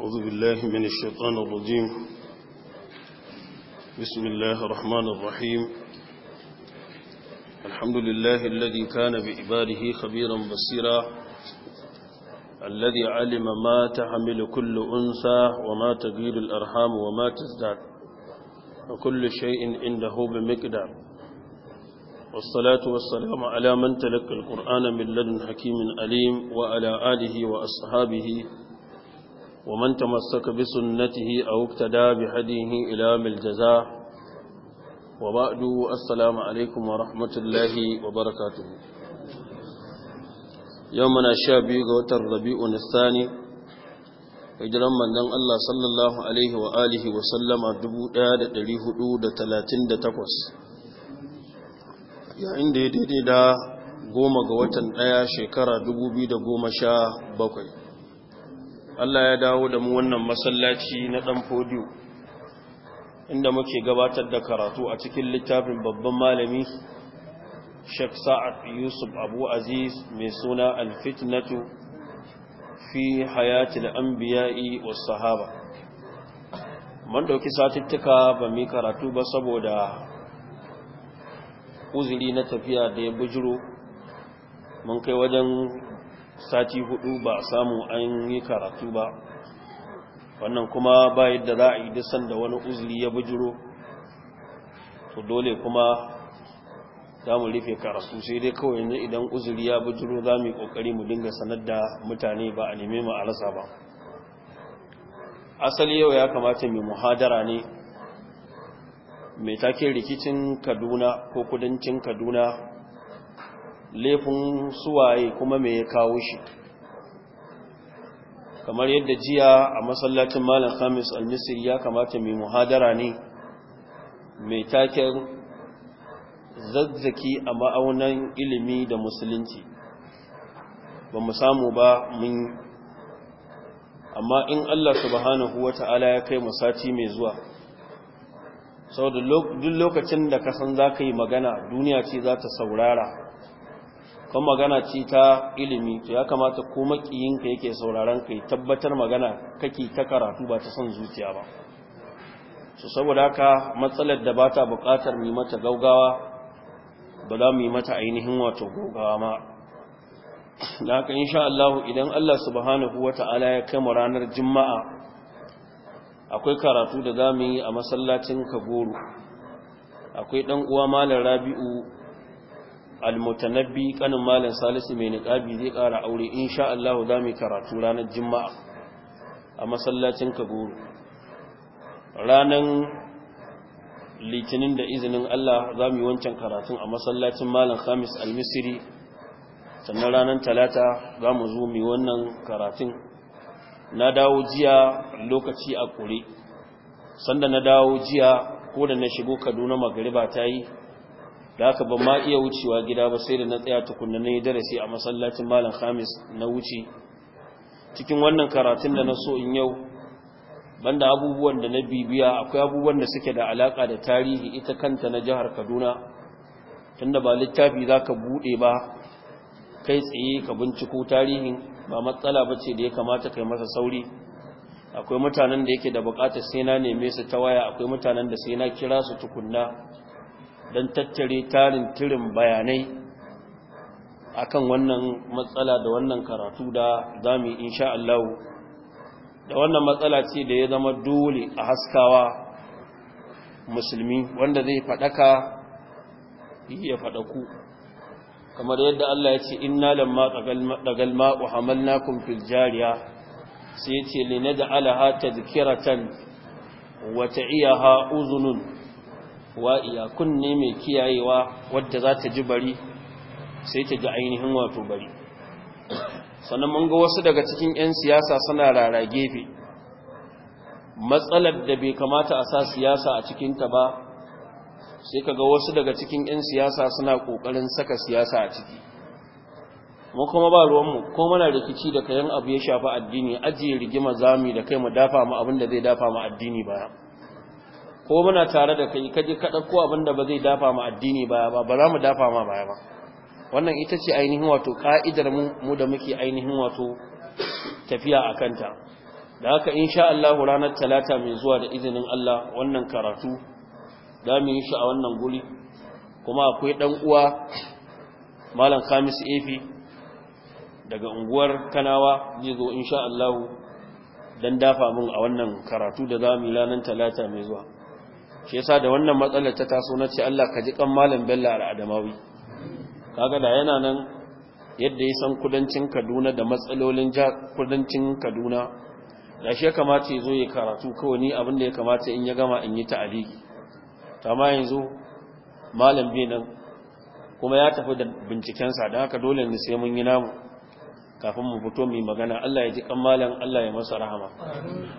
أعوذ بالله من الشيطان الرجيم بسم الله الرحمن الرحيم الحمد لله الذي كان بإباده خبيرا بصيرا الذي علم ما تحمل كل أنثى وما تغير الأرحام وما تزداد وكل شيء عنده بمقدار والصلاة والسلام على من تلقى القرآن من لدن حكيم أليم وعلى آله وأصحابه ومن تمسك بسنته أو اقتدى بهديه إلى الجزاء وبعد السلام عليكم ورحمة الله وبركاته يومنا شابي قوت الربيع الثاني hijiran manzon Allah sallallahu alaihi wa alihi wa sallama 1438 yayin da ya daidai da goma ga watan daya shekara dubu da goma sha bakwai. Allah ya dawo da mu wannan masallaci na ɗan fodiyo inda muke gabatar da karatu a cikin littafin babban malami Sheikh Sa'ad Yusuf Abu Aziz mai suna Al-Fitnatu fi al anbiya'i was sahaba mun dauki satittuka ba mu karatu ba saboda uzuri na tafiya da ya bujiro mun kai wajen sati hudu ba samu an yi karatu ba wannan kuma ba yadda za a yi disan da wani uzuri ya bujiro to dole kuma za mu rufe karatu sai dai kawai yanzu idan uzuri ya bujiro za mu yi kokari mu dinga sanar da mutane ba a neme mu alasa ba asali yau ya kamata mai muhadara ne mai take rikicin kaduna ko kudancin kaduna laifin suwaye kuma mai ya kawo shi kamar yadda jiya a masallacin malam Samis al-misir ya kamata mai muhadara ne mai taken zazzaki a ma'aunan ilimi da musulunci ba mu samu ba mun amma in Allah subhanahu wa ta'ala ya kai mu sati mai zuwa saboda duk lokacin da kasan san za ka yi magana duniya ce za ta saurara kan magana ce ta ilimi to ya kamata ko makiyinka yake sauraron ka tabbatar magana kake ta karatu ba ta son zuciya ba so saboda haka matsalar da ba ta buƙatar mu mata gaugawa ba za mu yi mata ainihin wato gaugawa ma da haka insha Allah idan Allah subhanahu wata'ala ya kai mu ranar juma'a akwai karatu da za mu yi a masallacin Kagoro akwai dan uwa malam Rabi'u almutanabbi kanin malam salisu mai niƙabi zai ƙara aure insha Allah za mu karatu ranar juma'a a masallacin Kagoro Ranar litinin da izinin Allah za mu yi wancan karatun a masallacin malam Khamis al-Misri sannan ranar talata za mu zo mu wannan karatun na dawo jiya lokaci a kure sanda na dawo jiya ko da na shigo Kaduna magariba ta yi da aka ban ma iya wucewa gida ba sai da na tsaya tukunna yi darasi a masallacin malam khamis na wuce cikin wannan karatun da na so in yau banda abubuwan da na bibiya akwai abubuwan da suke da alaka da tarihi ita kanta na jihar kaduna tunda ba littafi za ka buɗe ba kai tsaye ka binciko tarihin ba matsala ba ce da ya kamata kai masa sauri akwai mutanen da yake da bukatar sai na neme su ta waya akwai mutanen da sai na kira su tukunna don tattare tarin tirin bayanai akan wannan matsala da wannan karatu da zami insha Allah da wannan matsala ce da ya zama dole a haskawa musulmi wanda zai faɗaka ya fadaku kamar yadda Allah ya ce inna lamma dagal ma'u hamalnakum fil jariya sai ya ce linaj'alaha tadhkiratan wa ta'iyaha uzunun Wa iyakun kunne mai kiyayewa wadda za ta ji bari sai ta ji ainihin wato bari sannan mun ga wasu daga cikin 'yan siyasa suna rara gefe matsalar da bai kamata a sa siyasa a cikinta ba sai ka ga wasu daga cikin 'yan siyasa suna ƙoƙarin saka siyasa a ciki mu kuma ba ruwanmu ko mana rikici da kayan abu ya shafi addini ajiye rigima zami da kai mu dafa mu abin da zai dafa mu addini baya ko muna tare da kai kaje ka dauko abin da ba zai dafa ma addini baya ba ba za mu dafa ma baya ba wannan ita ce ainihin wato ka'idar mu mu da muke ainihin wato tafiya akan ta da haka insha Allah ranar talata mai zuwa da izinin Allah wannan karatu da mu yi shi a wannan guri kuma akwai dan uwa malam Khamis Efi daga unguwar Kanawa zai zo insha Allah dan dafa mun a wannan karatu da zamu yi ranar talata mai zuwa shi yasa da wannan matsalar ta taso na ce Allah ka ji kan malam bella al'adamawi kaga da yana nan yadda ya san kudancin Kaduna da matsalolin kudancin Kaduna da shi ya kamata ya zo ya karatu kawai ni abin da ya kamata in ya gama in yi ta'aliki amma yanzu malam bai nan kuma ya tafi da bincikensa don haka dole ne sai mun yi namu kafin mu fito mu magana Allah ya ji kan malam Allah ya masa rahama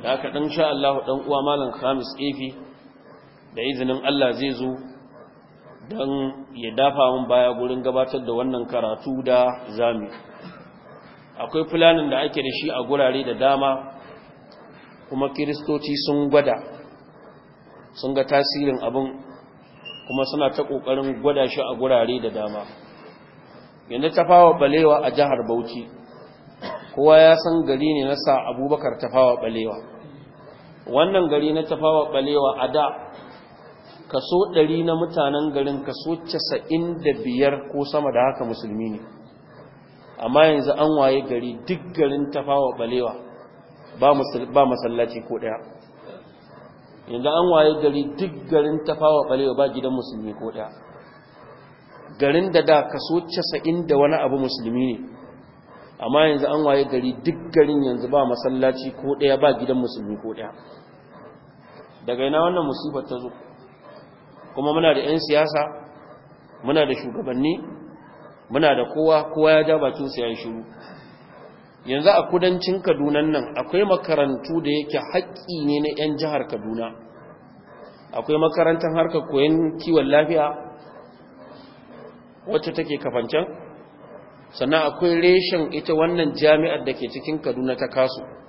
da haka dan sha Allah dan uwa malam Khamis Efi da izinin Allah zai zo don ya dafa min baya gurin gabatar da wannan karatu da zami akwai fulanin da ake da shi a gurare da dama kuma kiristoci sun gwada sun ga tasirin abin kuma suna ta ƙoƙarin gwada shi a gurare da dama yanzu tafawa balewa a jihar bauchi kowa ya san gari ne na sa abubakar tafawa balewa wannan gari na tafawa balewa a da kaso ɗari na mutanen garin kaso casa'in da biyar ko sama da haka musulmi ne amma yanzu an waye gari duk garin tafawa balewa ba masallaci ko ɗaya yanzu an waye gari duk garin tafawa balewa ba gidan musulmi ko ɗaya garin da da kaso casa'in da wani abu musulmi ne amma yanzu an waye gari duk garin yanzu ba masallaci ko ɗaya ba gidan musulmi ko ɗaya daga ina wannan musibar ta zo kuma muna da 'yan siyasa muna da shugabanni muna da kowa kowa ya ja bakin siyan shiru yanzu a kudancin kadunan nan akwai makarantu da yake haƙƙi ne na 'yan jihar kaduna akwai makarantar harkar koyon kiwon lafiya wacce take kafancan sannan akwai reshen ita wannan jami'ar da ke cikin kaduna ta kasu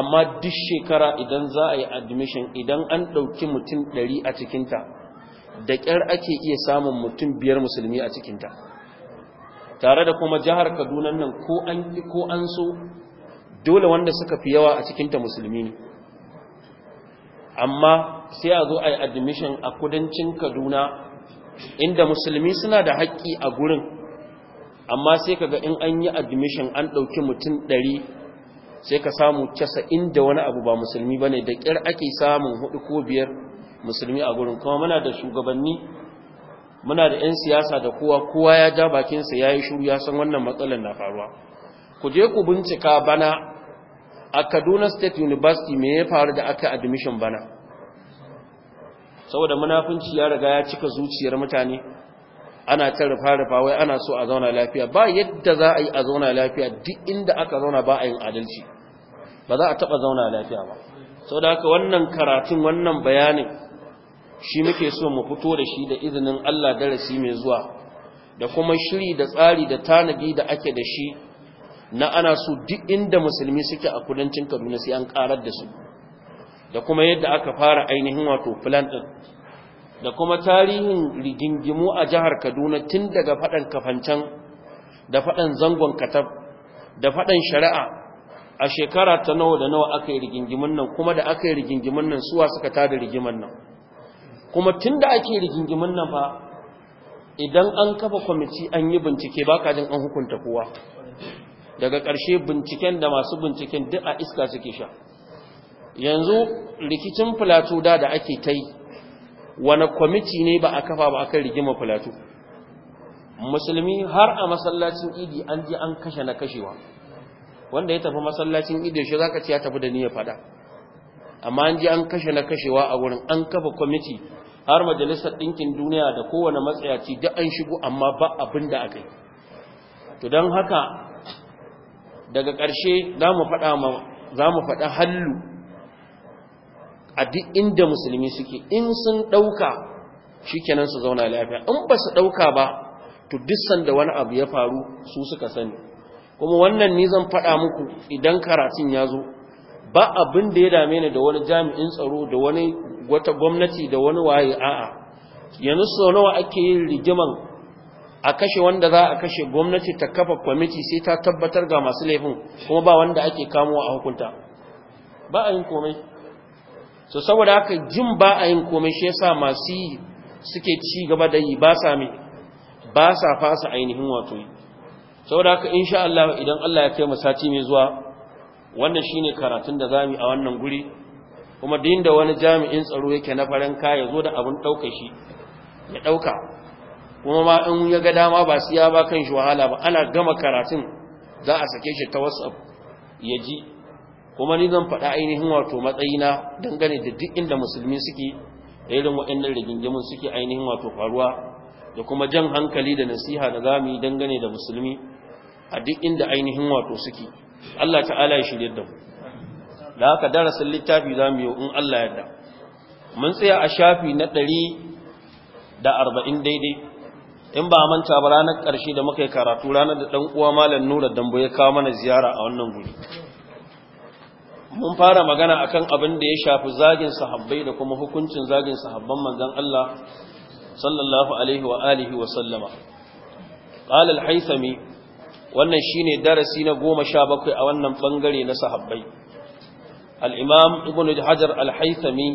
amma duk shekara idan za a yi admission idan an ɗauki mutum ɗari a cikinta da ƙyar ake iya samun mutum biyar musulmi a cikinta tare da kuma jihar kaduna nan ko an ko an so dole wanda suka fi yawa a cikinta musulmi ne amma sai a zo a yi admission a kudancin kaduna inda musulmi suna da haƙƙi a gurin amma sai kaga in an yi admission an ɗauki mutum ɗari sai ka samu casa'in da wani abu ba musulmi ba ne da ƙyar ake samun hudu ko biyar musulmi a gurin kuma muna da shugabanni muna da 'yan siyasa da kowa kowa ya ja bakinsa ya yi shuru ya san wannan matsalar na faruwa ku je ku bincika bana a kaduna state university me ya faru da aka admission bana saboda munafunci ya riga ya cika zuciyar mutane ana ta rufa-rufa wai ana so a zauna lafiya ba yadda za a yi a zauna lafiya duk inda aka zauna ba a yin adalci ba za a taɓa zauna lafiya ba sau da haka wannan karatun wannan bayanin shi muke so mu fito da shi da izinin Allah darasi mai zuwa da kuma shiri da tsari da tanadi da ake da shi na ana su duk inda musulmi suke a kudancin kaduna sai an karar da su da kuma yadda aka fara ainihin wato plan ɗin da kuma tarihin rigingimu a jihar kaduna tun daga faɗan kafancan da faɗan zangon katab da faɗan shari'a a shekara ta nawa da nawa aka yi rigingimin nan kuma da aka yi rigingimin nan suwa suka da rigimin nan kuma tun da ake rigingimin nan fa idan an kafa kwamiti an yi bincike ba kajin an hukunta kowa daga ƙarshe binciken da masu binciken duk a iska suke sha yanzu rikicin filato da da ake ta yi wani kwamiti ne ba a kafa ba aka rigima filato musulmi har a masallacin idi an je an kashe na kashewa wanda ya tafi masallacin ido shi ka ci ya tafi da niyyar fada amma an ji an kashe na kashewa a wurin an kafa kwamiti har majalisar ɗinkin duniya da kowane matsayaci da an shigo amma ba abin da aka yi to don haka daga ƙarshe za mu faɗa hallu a duk inda musulmi suke in sun ɗauka shi kenan su zauna lafiya in ba su ɗauka ba to duk sanda wani abu ya faru su suka sani kuma wannan ni zan faɗa muku idan karatun ya zo ba abin da ya dame ni da wani jami'in tsaro da wani wata gwamnati da wani waye a'a yanzu sau nawa ake yin rigiman a kashe wanda za a kashe gwamnati ta kafa kwamiti sai ta tabbatar ga masu laifin kuma ba wanda ake kamowa a hukunta ba a yin komai so saboda haka jin ba a yin komai shi yasa masu suke ci gaba da yi ba sa ba sa fasa ainihin wato saboda haka insha Allah idan Allah ya kai mu sati mai zuwa wannan shine karatun da zamu a wannan guri kuma din da wani jami'in tsaro yake na faran kaya zo da abun dauka shi ya ɗauka. kuma ma in ya ga dama ba siya ba kan shi wahala ba ana gama karatun za a sake shi ta WhatsApp ya ji kuma ni zan faɗa ainihin wato matsayina dangane da duk inda musulmi suke da irin waɗannan rigingimin suke ainihin wato faruwa da kuma jan hankali da nasiha da zamu yi dangane da musulmi a duk inda ainihin wato suke Allah ta'ala ya shirye da mu da haka darasin littafi za mu yi in Allah yarda mun tsaya a shafi na ɗari da arba'in daidai in ba manta ba ranar ƙarshe da muka yi karatu ranar da ɗan uwa malam nura dambo ya kawo mana ziyara a wannan guri mun fara magana akan abin da ya shafi zagin sahabbai da kuma hukuncin zagin sahabban manzon Allah sallallahu alaihi wa alihi wa sallama qala al-haythami wannan shine darasi na goma sha bakwai a wannan bangare na sahabbai al-imam ibnu hajar al-haythami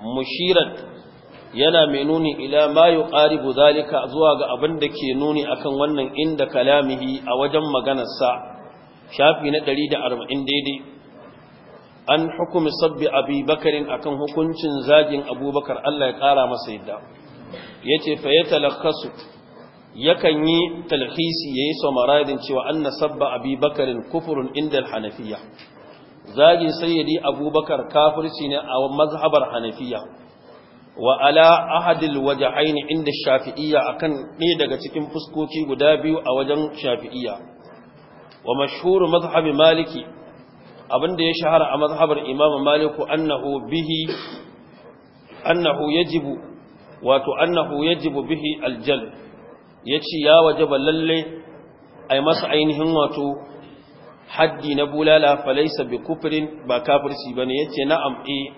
Mushirat yana mai nuni ila ma yuqaribu zalika zuwa ga abin da ke nuni akan wannan inda kalamihi a wajen maganarsa shafi na 140 daidai an hukumi sabbi abi bakarin akan hukuncin zagin abubakar Allah ya kara masa yadda yace fa yatalakhasu yakan yi talhisi yayi samaradin cewa anna sabba abubakarin kufurun inda hanafiya Zagin sayyidi abubakar kafirci ne a mazhabar hanafiya wa ala ahadil wajhain inda shafi'iyya akan ne daga cikin fuskoki guda biyu a wajen shafi'iyya wa mashhur mazhab maliki abinda ya shahara a mazhabar imam maliku annahu bihi annahu yajibu wato annahu yajibu bihi aljal ya ce ya waje ba lalle a yi masa ainihin wato haddi na bulala falaisa bi kufirin ba kafirci ba ne ya ce na'am e eh,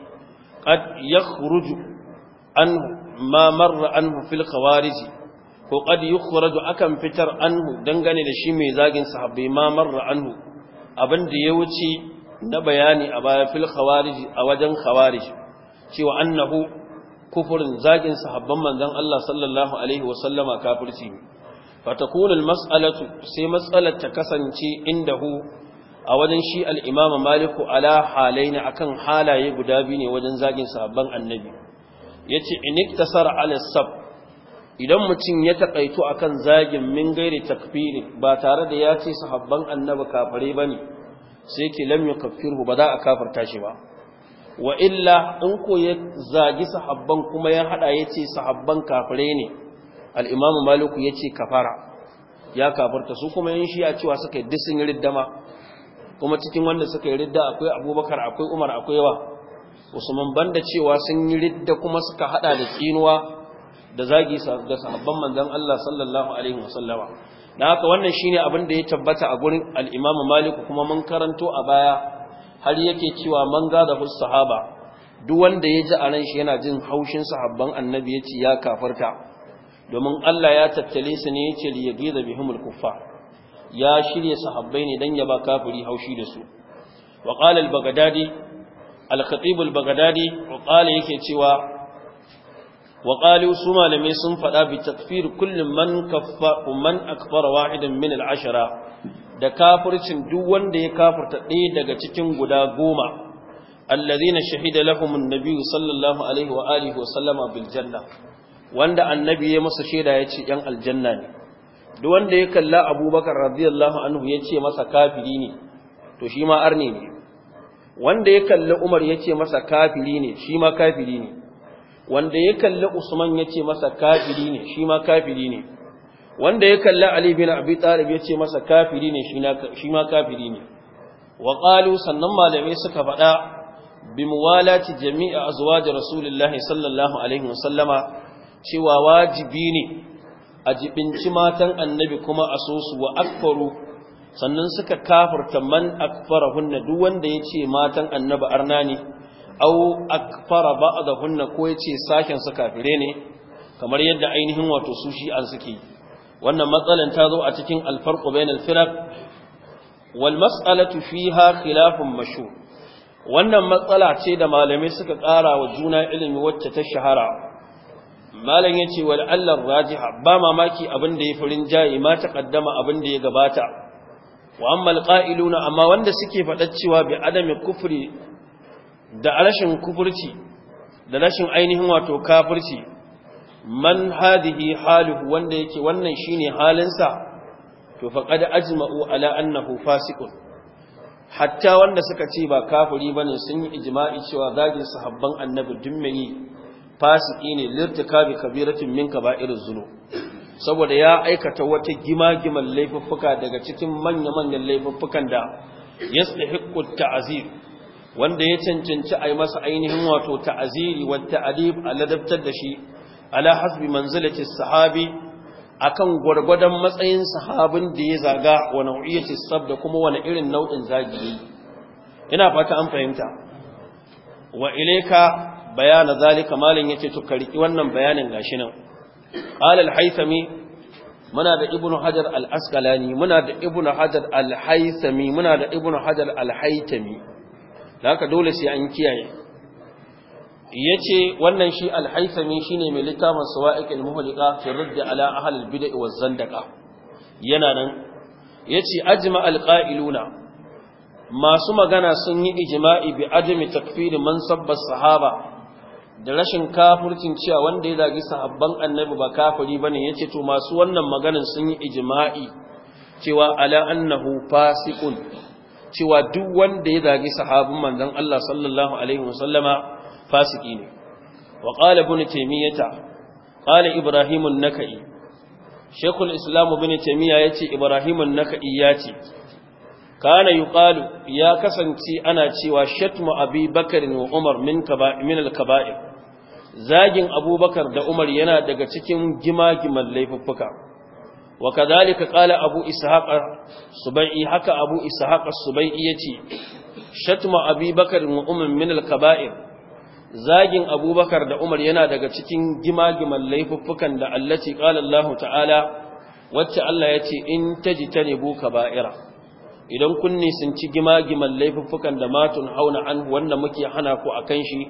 ƙad ya ruju an mamarra an hufil kawariji ko ƙad yi akan fitar anhu dangane da shi mai zagin sahabbai mamarra anhu abin da ya wuce na bayani a baya fil a wajen khawariji cewa annahu kufurin zagin sahabban manzon Allah sallallahu alaihi wasallama kafirci ne fatakun Mas'alatu sai matsalar ta kasance indahu a wajen shi al-imamu maliku ala halaina akan halaye guda biyu ne wajen zagin sahabban annabi yace iniktasar ala sab idan mutum ya takaitu akan zagin min gairi takfiri ba tare da ya ce sahabban annabi kafare bane sai ki lam yukaffiru ba za a kafirta shi ba wa illa in ko ya zagi sahabban kuma ya hada ya ce sahabban kafire ne al'imamu maliku ya ce kafara ya kafarta su kuma yin ya cewa suka yi disin riddama kuma cikin wanda suka yi ridda akwai abubakar akwai umar akwai wa usman banda cewa sun yi ridda kuma suka hada da tsinuwa da zagi ga sahabban manzan Allah sallallahu alaihi wasallama na haka wannan shine abin da ya tabbata a gurin al maliku Malik kuma mun karanto a baya har yake cewa man da hus sahaba duk wanda ya ji a ran shi yana jin haushin sahabban annabi ya ce ya kafarta domin Allah ya tattale su ne ya ce li yagiza kuffa ya shirya sahabbai ne dan ya ba kafiri haushi da su wa qala al-baghdadi al-khatib al-baghdadi wa qala yake cewa wa qalu su malamai sun fada bi takfir kullum man kaffa man akfara wahidan min al-ashara da kafircin duk wanda ya kafirta ɗaya daga cikin guda goma allazina shahida lahumun nabiyyu sallallahu alaihi wa alihi wa sallama bil janna wanda annabi ya masa shaida ya ce ‘yan aljanna ne, duk wanda ya kalla abubakar radiyallahu anhu ya ce masa kafiri ne, to shi ma arne ne, wanda ya kalla Umar ya ce masa kafiri ne, shi ma kafiri ne, wanda ya kalla Usman ya ce masa kafiri ne, shi ma kafiri ne, wanda ya kalla Ali bin Abi Talib ya ce masa kafiri ne shi ma kafiri ne wa qalu sannan malamai suka faɗa bi muwalati jami'a azwaj rasulullahi sallallahu alaihi wasallama cewa wajibi ne a jibinci matan annabi kuma a so su wa akfaru sannan suka kafirta man akfarahunna duk wanda ya ce matan annabi arna ne aw akfara ba'dahunna ko ya ce sakin su kafire ne kamar yadda ainihin wato su shi an suke yi wannan matsalan ta zo a cikin alfarqu bainal firaq wal mas'alatu fiha khilafun mashhur wannan matsala ce da malamai suka ƙara wa juna ilimi wacce ta shahara malam yace wal allar rajiha ba mamaki abin da ya furin jayi ma ta abin da ya gabata wa ammal qailuna amma wanda suke faɗa cewa bi adami kufri da rashin kufurci da rashin ainihin wato kafirci man hadihi haluhu wanda yake wannan shine halinsa to faqad ajma'u ala annahu fasiqun hatta wanda suka ce ba kafiri bane sun yi ijma'i cewa zagin sahabban annabi dummai fasiki ne lirtikabi kabiratin min kaba'iriz zunub saboda ya aikata wata gimagiman laifuffuka daga cikin manya-manyan laifuffukan da yaslihiqqu ta'zir wanda ya cancanci ai masa ainihin wato ta'ziri wa ta'dib a ladabtar da shi ala hasbi manzilati sahabi akan gwargwadon matsayin sahabin da ya zaga wa nau'iyyati sab da kuma wani irin nau'in zagi ina fata an fahimta wa ilayka bayana zalika malin yace to kariki wannan bayanin gashi nan qala al-haythami muna da ibnu hajar al-asqalani muna da ibnu hajar al-haythami muna da ibnu hajar al-haythami haka dole sai an kiyaye yace wannan shi al shi shine mai littafin sawa'iqil muhliqa fi radd ala ahli al-bid'ah wa zandaqa yana nan yace ajma al-qa'iluna masu magana sun yi ijma'i bi ajmi takfiri man sabba sahaba da rashin kafurcin cewa wanda ya zagi sahabban annabi ba kafuri kafiri bane yace to masu wannan maganan sun yi ijma'i cewa ala annahu fasiqun cewa duk wanda ya zagi sahabin manzon Allah sallallahu alaihi wasallama fasiki ne wa qala ibn taymiyata qala ibrahim an-nakai shaykhul islam ibn taymiya yace ibrahim an-nakai ce. kana yuqalu ya kasance ana cewa shatmu abi Bakar wa umar min kaba'ir min zagin abubakar da umar yana daga cikin gima-giman laifuffuka wa kadhalika qala abu ishaq subai'i haka abu ishaq subai'i yace shatmu abi bakr wa umar min al-kaba'ir zagin abubakar da umar yana daga cikin gimagiman laifuffukan da allaci ƙalallahu ta'ala wacce Allah ya ce in ta ji ta nebo ka ba'ira idan kunni sun ci gimagiman laifuffukan da matun hauna an wanda muke hana ku a kan shi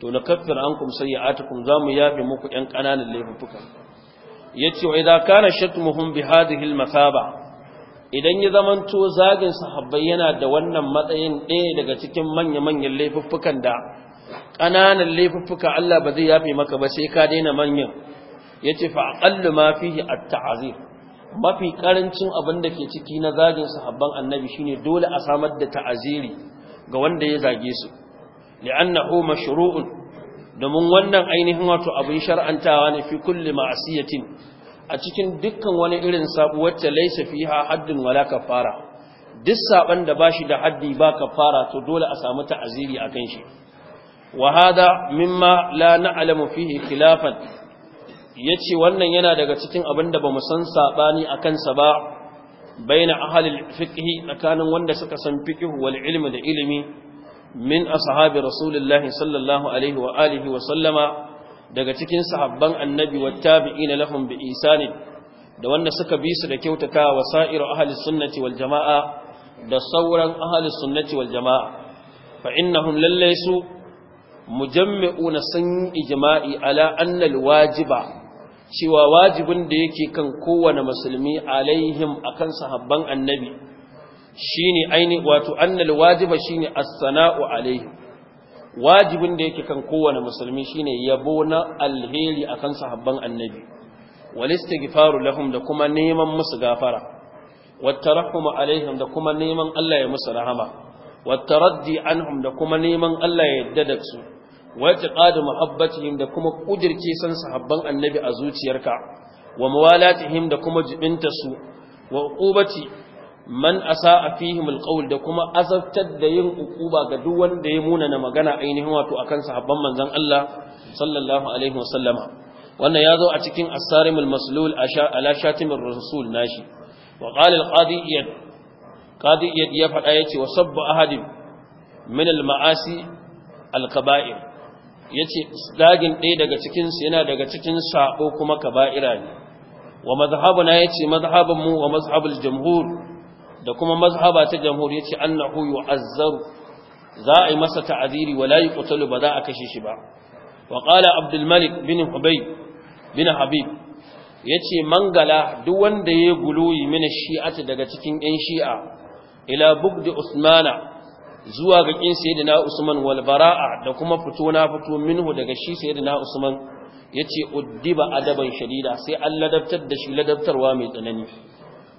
to na kafir an kum sai ya za mu yafe muku ‘yan ƙananan laifuffukan ya ce wa idan kana shatmuhum bi hadihil masaba idan ya zamanto zagin sahabbai yana da wannan matsayin ɗaya daga cikin manya-manyan laifuffukan da ƙananan laifuffuka Allah ba zai yafe maka ba sai ka daina manyan yace fa aqallu ma fihi at-ta'zir mafi karancin abin da ke ciki na zagin sahabban annabi shine dole a samar da ta'aziri ga wanda ya zage su li'annahu mashru'un domin wannan ainihin wato abin shar'antawa ne fi kulli ma'asiyatin a cikin dukkan wani irin sabu wacce laisa fiha haddun wala kafara duk saban da bashi da haddi ba kafara to dole a samu ta'aziri akan shi Wahada hada mimma la na'lamu fihi yace wannan yana daga cikin abin da bamu san sabani akan sa ba baina ahlil fiqh tsakanin wanda suka san fiqh wal ilmi da ilimi min ashabi rasulullahi sallallahu alaihi wa alihi wa sallama daga cikin sahabban annabi wa tabi'ina lahum bi isani da wanda suka bi su da kyautakawa wa sa'iru ahli sunnati wal jamaa da sauran ahli sunnati wal jamaa fa innahum lallaisu na sun ijma'i ala annal wajiba cewa wajibin da yake kan kowane musulmi alaihim akan sahabban annabi shine aini wato annal wajiba shine as-sana'u alaihim wajibin da yake kan kowane musulmi shine yabo na alheri akan sahabban annabi wal istighfaru lahum da kuma neman musu gafara wat tarahum alaihim da kuma neman Allah ya musu rahama wat taraddi anhum da kuma neman Allah ya yarda da su wata ƙadu muhabbatihim da kuma ƙudirce san sahabban annabi a zuciyarka wa mawalatihim da kuma su wa uqubati man asa a fihim alqawl da kuma azabtar da yin uquba ga duk wanda ya munana magana ainihin wato akan sahabban manzon Allah sallallahu alaihi wasallama wannan yazo a cikin as-sarimul maslul ala shatimir rasul nashi wa qala al-qadi qadi ya faɗa yace wa sabba ahadin min al-ma'asi al-kaba'ir ya ce ɗaya daga cikinsu yana daga cikin sa'o kuma kaba'ira ne wa mazhabuna ya ce mazhabinmu wa mazhabul jamhur da kuma mazhaba ta jamhur ya ce annahu azzaru. za a yi masa ta'aziri wa la yuqtalu ba za a kashe shi ba wa Abdulmalik abdul bin hubayb bin habib yace mangala duk wanda ya guluyi min shi'ati daga cikin yan shi'a ila bugdi usmana zuwa ga kin sayyidina Usman wal bara'a da kuma fito na fito minhu daga shi sayyidina Usman yace uddiba adaban shadida sai an ladabtar da shi ladabtarwa mai tsanani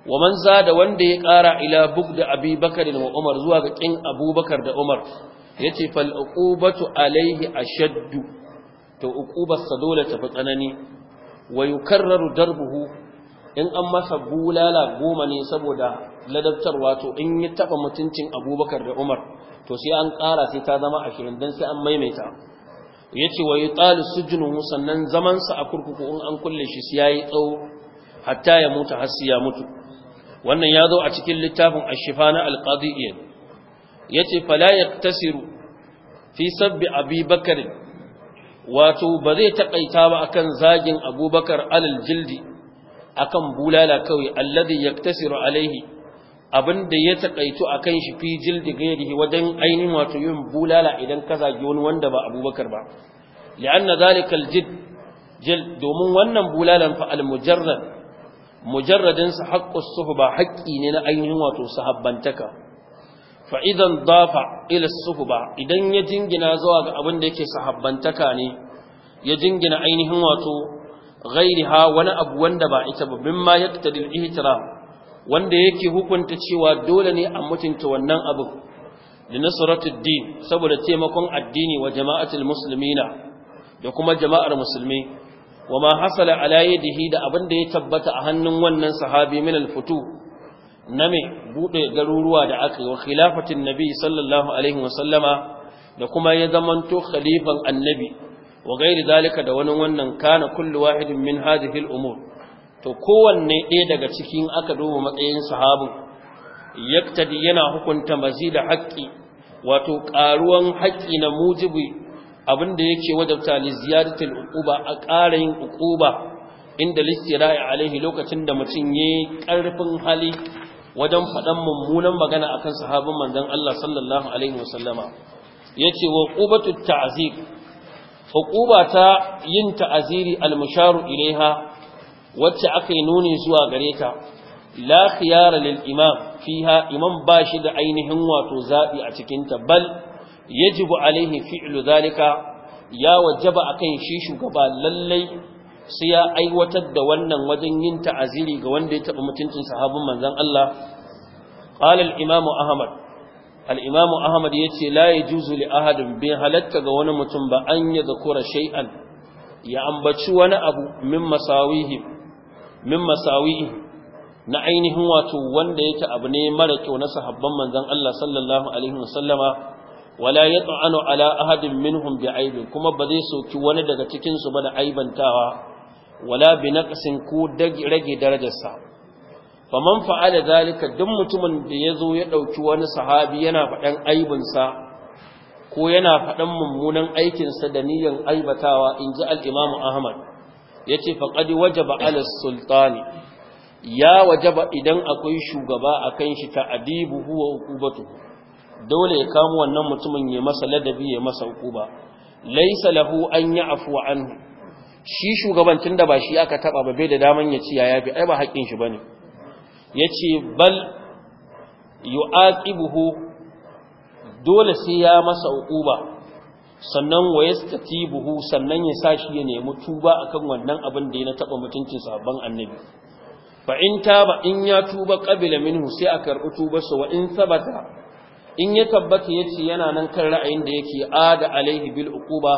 wa man zada wanda ya ƙara ila da abubakar da umar zuwa ga kin abubakar da umar yace fal uqubatu alaihi ashaddu to uqubar sa dole ta fi tsanani wa yukarraru darbuhu in an masa bulala goma ne saboda ladabtarwa to in ya taba mutuncin abubakar da umar to sai an ƙara sai ta zama ashirin don sai an maimaita ya ce wa yi tsali sujinu sannan zamansa a kurkuku in an kulle shi sai ya yi tsawo hatta ya mutu har ya mutu wannan ya zo a cikin littafin ashifa na alƙadiyyar ya ce fala ya tasiru fi sabbi abubakar wato ba zai taƙaita ba akan zagin abubakar alal jildi akan bulala kawai alladhi yaktasiru alaihi abin da ya takaitu a kan shi fi jildi gairihi wajen ainihin wato yin bulala idan ka zagi wani wanda ba abubakar ba li'anna na aljid jil domin wannan bulalan fa almujarrad mujarradin sa suhu ba haƙƙi ne na ainihin wato sahabbantaka fa idan dafa ila ba. idan ya jingina zuwa ga abin da yake sahabbantaka ne ya jingina ainihin wato ha, wani abu wanda ba ita ba mimma ta al-ihtiram wanda yake hukunta cewa dole ne a mutunta wannan abu da nasaratul din saboda taimakon addini wa jama'atul muslimina da kuma jama'ar musulmi wa ma hasala ala yadihi da abin da ya tabbata a hannun wannan sahabi min al-futu na me bude garuruwa da aka yi wa khilafatin nabi sallallahu alaihi wa sallama da kuma ya zamanto khalifan annabi wa gairi zalika da wani wannan kana kullu wahidin min hadhihi al-umur to kowanne ɗaya daga cikin aka duba matsayin sahabin yaktadi yana hukunta mazida haƙƙi wato ƙaruwan haƙƙi na mujibi abinda yake wajabta li ziyaratul uquba a ƙara yin uquba inda listira'i alaihi lokacin da mutun yayi ƙarfin hali wajen faɗan mummunan magana akan sahabin manzon Allah sallallahu alaihi wasallama yace wa qubatu ta'zib uquba ta yin ta'ziri al-musharu ilaiha wacce aka yi nuni zuwa gare ta la khiyara lil imam fiha imam ba shi da ainihin wato zabi a cikin ta bal yajibu alaihi fi'lu zalika ya wajaba akan shi shugaba lallai sai ya aiwatar da wannan wajen yin ta'aziri ga wanda ya taba mutuncin sahabin manzon Allah qala al imam ahmad al imam ahmad yace la yajuzu li ahadin bi halatta ga wani mutum ba an ya zakura shay'an ya ambaci wani abu min masawihim min masawi na ainihin wato wanda yake abu ne mara kyau na sahabban manzon Allah sallallahu alaihi wasallama wala yat'anu ala ahadin minhum bi'aibin kuma ba zai soki wani daga cikin su ba da aibantawa wala bi naqsin ko rage darajarsa faman fa'ala zalika duk mutumin da yazo ya dauki wani sahabi yana fadan aibin sa ko yana fadan mummunan aikin sa da niyyar aibatawa inji al-imamu ahmad ya ce faƙadi wajaba alas sultani ya wajaba idan akwai shugaba a kan shi ta adibu huwa hukubatu dole ya kamo wannan mutumin ya masa ladabi ya masa hukuba laisa lahu an yi afuwa anhu shi shugaban tun da ba shi aka taɓa ba bai da daman ya ci yaya bi ai ba haƙƙin shi ba ne. ya ce bal yu'aqibuhu dole sai ya masa hukuba sannan wa ya buhu sannan ya sashi ya nemi tuba akan wannan abin da ya na taba mutuncin sabon annabi fa in taba in ya tuba qabila minhu sai a karbi tubarsa wa in sabata in ya tabbata yace yana nan kan ra'ayin da yake ada alaihi bil uquba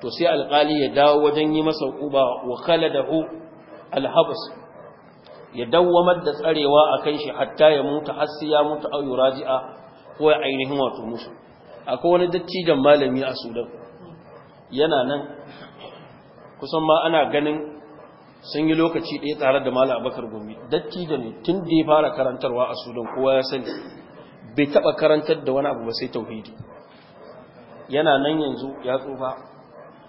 to sai alƙali ya dawo wajen yi masa uba wa khaladahu alhabs ya dawwamar da tsarewa akan shi hatta ya mutu Hasiya, ya mutu au yuraji'a ko ya ainihin wato musu akwai wani dattijan malami a sudan yana nan kusan ma ana ganin sun yi lokaci ɗaya tare da mala abakar Gombe. dattijo ne tun da ya fara karantarwa a sudan kowa ya sani bai taɓa karantar da wani abu ba sai tauhidi yana nan yanzu ya tsufa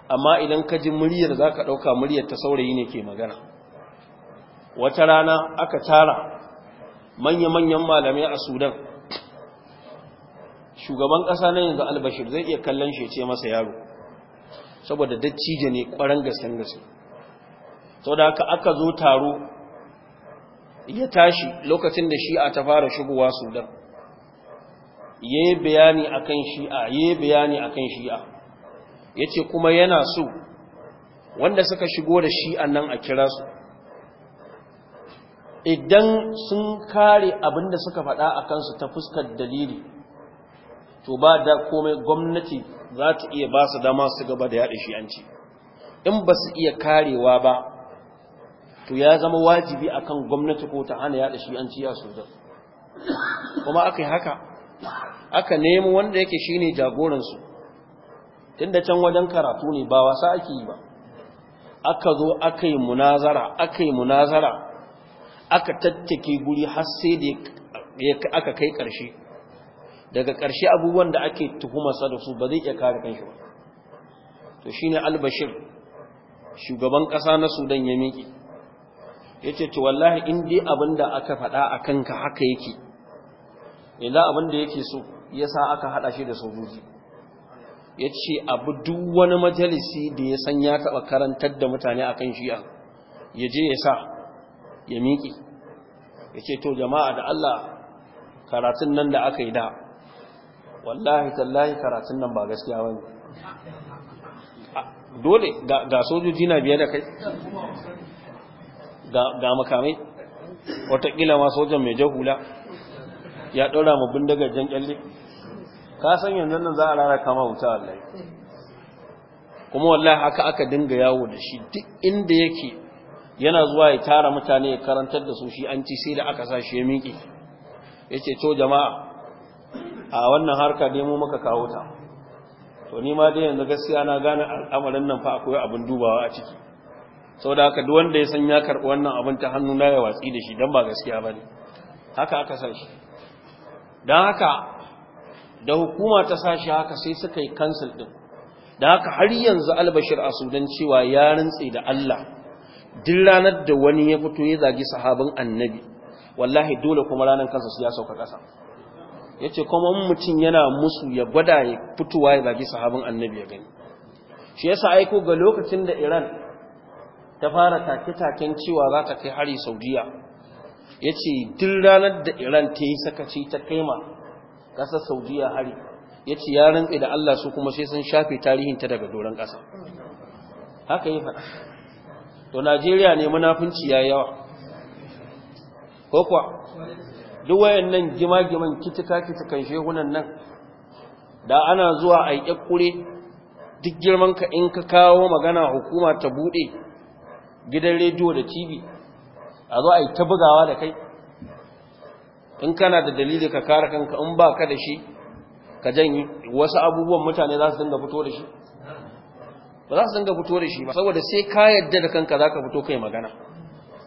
amma idan ka ji muryar za ka ɗauka muryar ta saurayi ne ke magana wata rana aka tara manya-manyan malamai a sudan shugaban ƙasa na yanzu albashir zai iya kallon shi ce masa yaro saboda dattijo ne ƙwarar gasken gaske sau da haka aka zo taro ya tashi lokacin da shi'a ta fara shigowa sudan ya yi bayani a kan shi'a ya yi bayani a kan shi'a ya ce kuma yana so wanda suka shigo da shi'a nan a kira su idan sun kare abin da suka faɗa a kansu ta fuskar dalili to ba da komai gwamnati za ta iya ba su dama su gaba da yaɗa shi'anci in ba su iya karewa ba to ya zama wajibi akan gwamnati ko ta hana yaɗa shi'anci a sudan kuma aka yi haka aka nemi wanda yake shi ne jagoransu tunda can wajen karatu ne ba wasa ake yi ba aka zo aka yi munazara aka yi munazara aka tattake guri har sai da aka kai ƙarshe daga ƙarshe abubuwan da ake tuhuma da su ba zai iya kare kanshi ba to shine albashir shugaban ƙasa na sudan ya miƙe ya ce to wallahi in dai abin da aka faɗa a kanka haka yake idan abin da yake so ya sa aka haɗa shi da sojoji ya ce abu duk wani majalisi da ya san ya taɓa karantar da mutane a kan shi'a ya je ya sa ya miƙe ya ce to jama'a da allah karatun nan da aka yi da wallahi tallahi karatun nan ba gaskiya ba dole ga sojoji na biye da kai ga makamai watakila ma sojan mai jahula ya ɗora ma daga jan kyalle ka san yanzu nan za a rara kama wuta wallahi kuma wallahi haka aka dinga yawo da shi duk inda yake yana zuwa ya tara mutane ya karantar da su shi an ci sai da aka sa shi ya minki. ya ce to jama'a a wannan harka ne mu muka kawo ta to ni ma dai yanzu gaskiya na gane al'amarin nan fa akwai abin dubawa a ciki saboda haka duk wanda ya san ya karɓi wannan abin ta hannu na ya watsi da shi dan ba gaskiya bane haka aka san shi dan haka da hukuma ta sashi haka sai suka yi cancel din dan haka har yanzu albashir a sudan cewa ya rantsi da Allah duk ranar da wani ya fito ya zagi sahabin annabi wallahi dole kuma ranar kansa su ya sauka kasa yace kuma mutum yana musu ya gwada ya fitowa ya zagi sahabin annabi ya gani shi yasa aiko ga lokacin da Iran ta fara take-taken cewa za ta kai hari Saudiya ce duk ranar da Iran ta yi sakaci ta kaima kasa Saudiya hari ya ce ya rantsa da Allah su kuma sai sun shafe tarihin ta daga doron kasa haka yi faɗa to Najeriya ne munafunci ya yawa ko kuwa duk wayannan gima-giman kitika kitikan shehunan nan da ana zuwa a yi kure duk girman ka in ka kawo magana hukuma ta buɗe gidan rediyo da TV a zo a yi ta bugawa da kai in kana da dalili ka kare kanka in ba ka da shi ka janye wasu abubuwan mutane za su dinga fito da shi ba za su dinga fito da shi ba saboda sai ka yadda da kanka za ka fito kai magana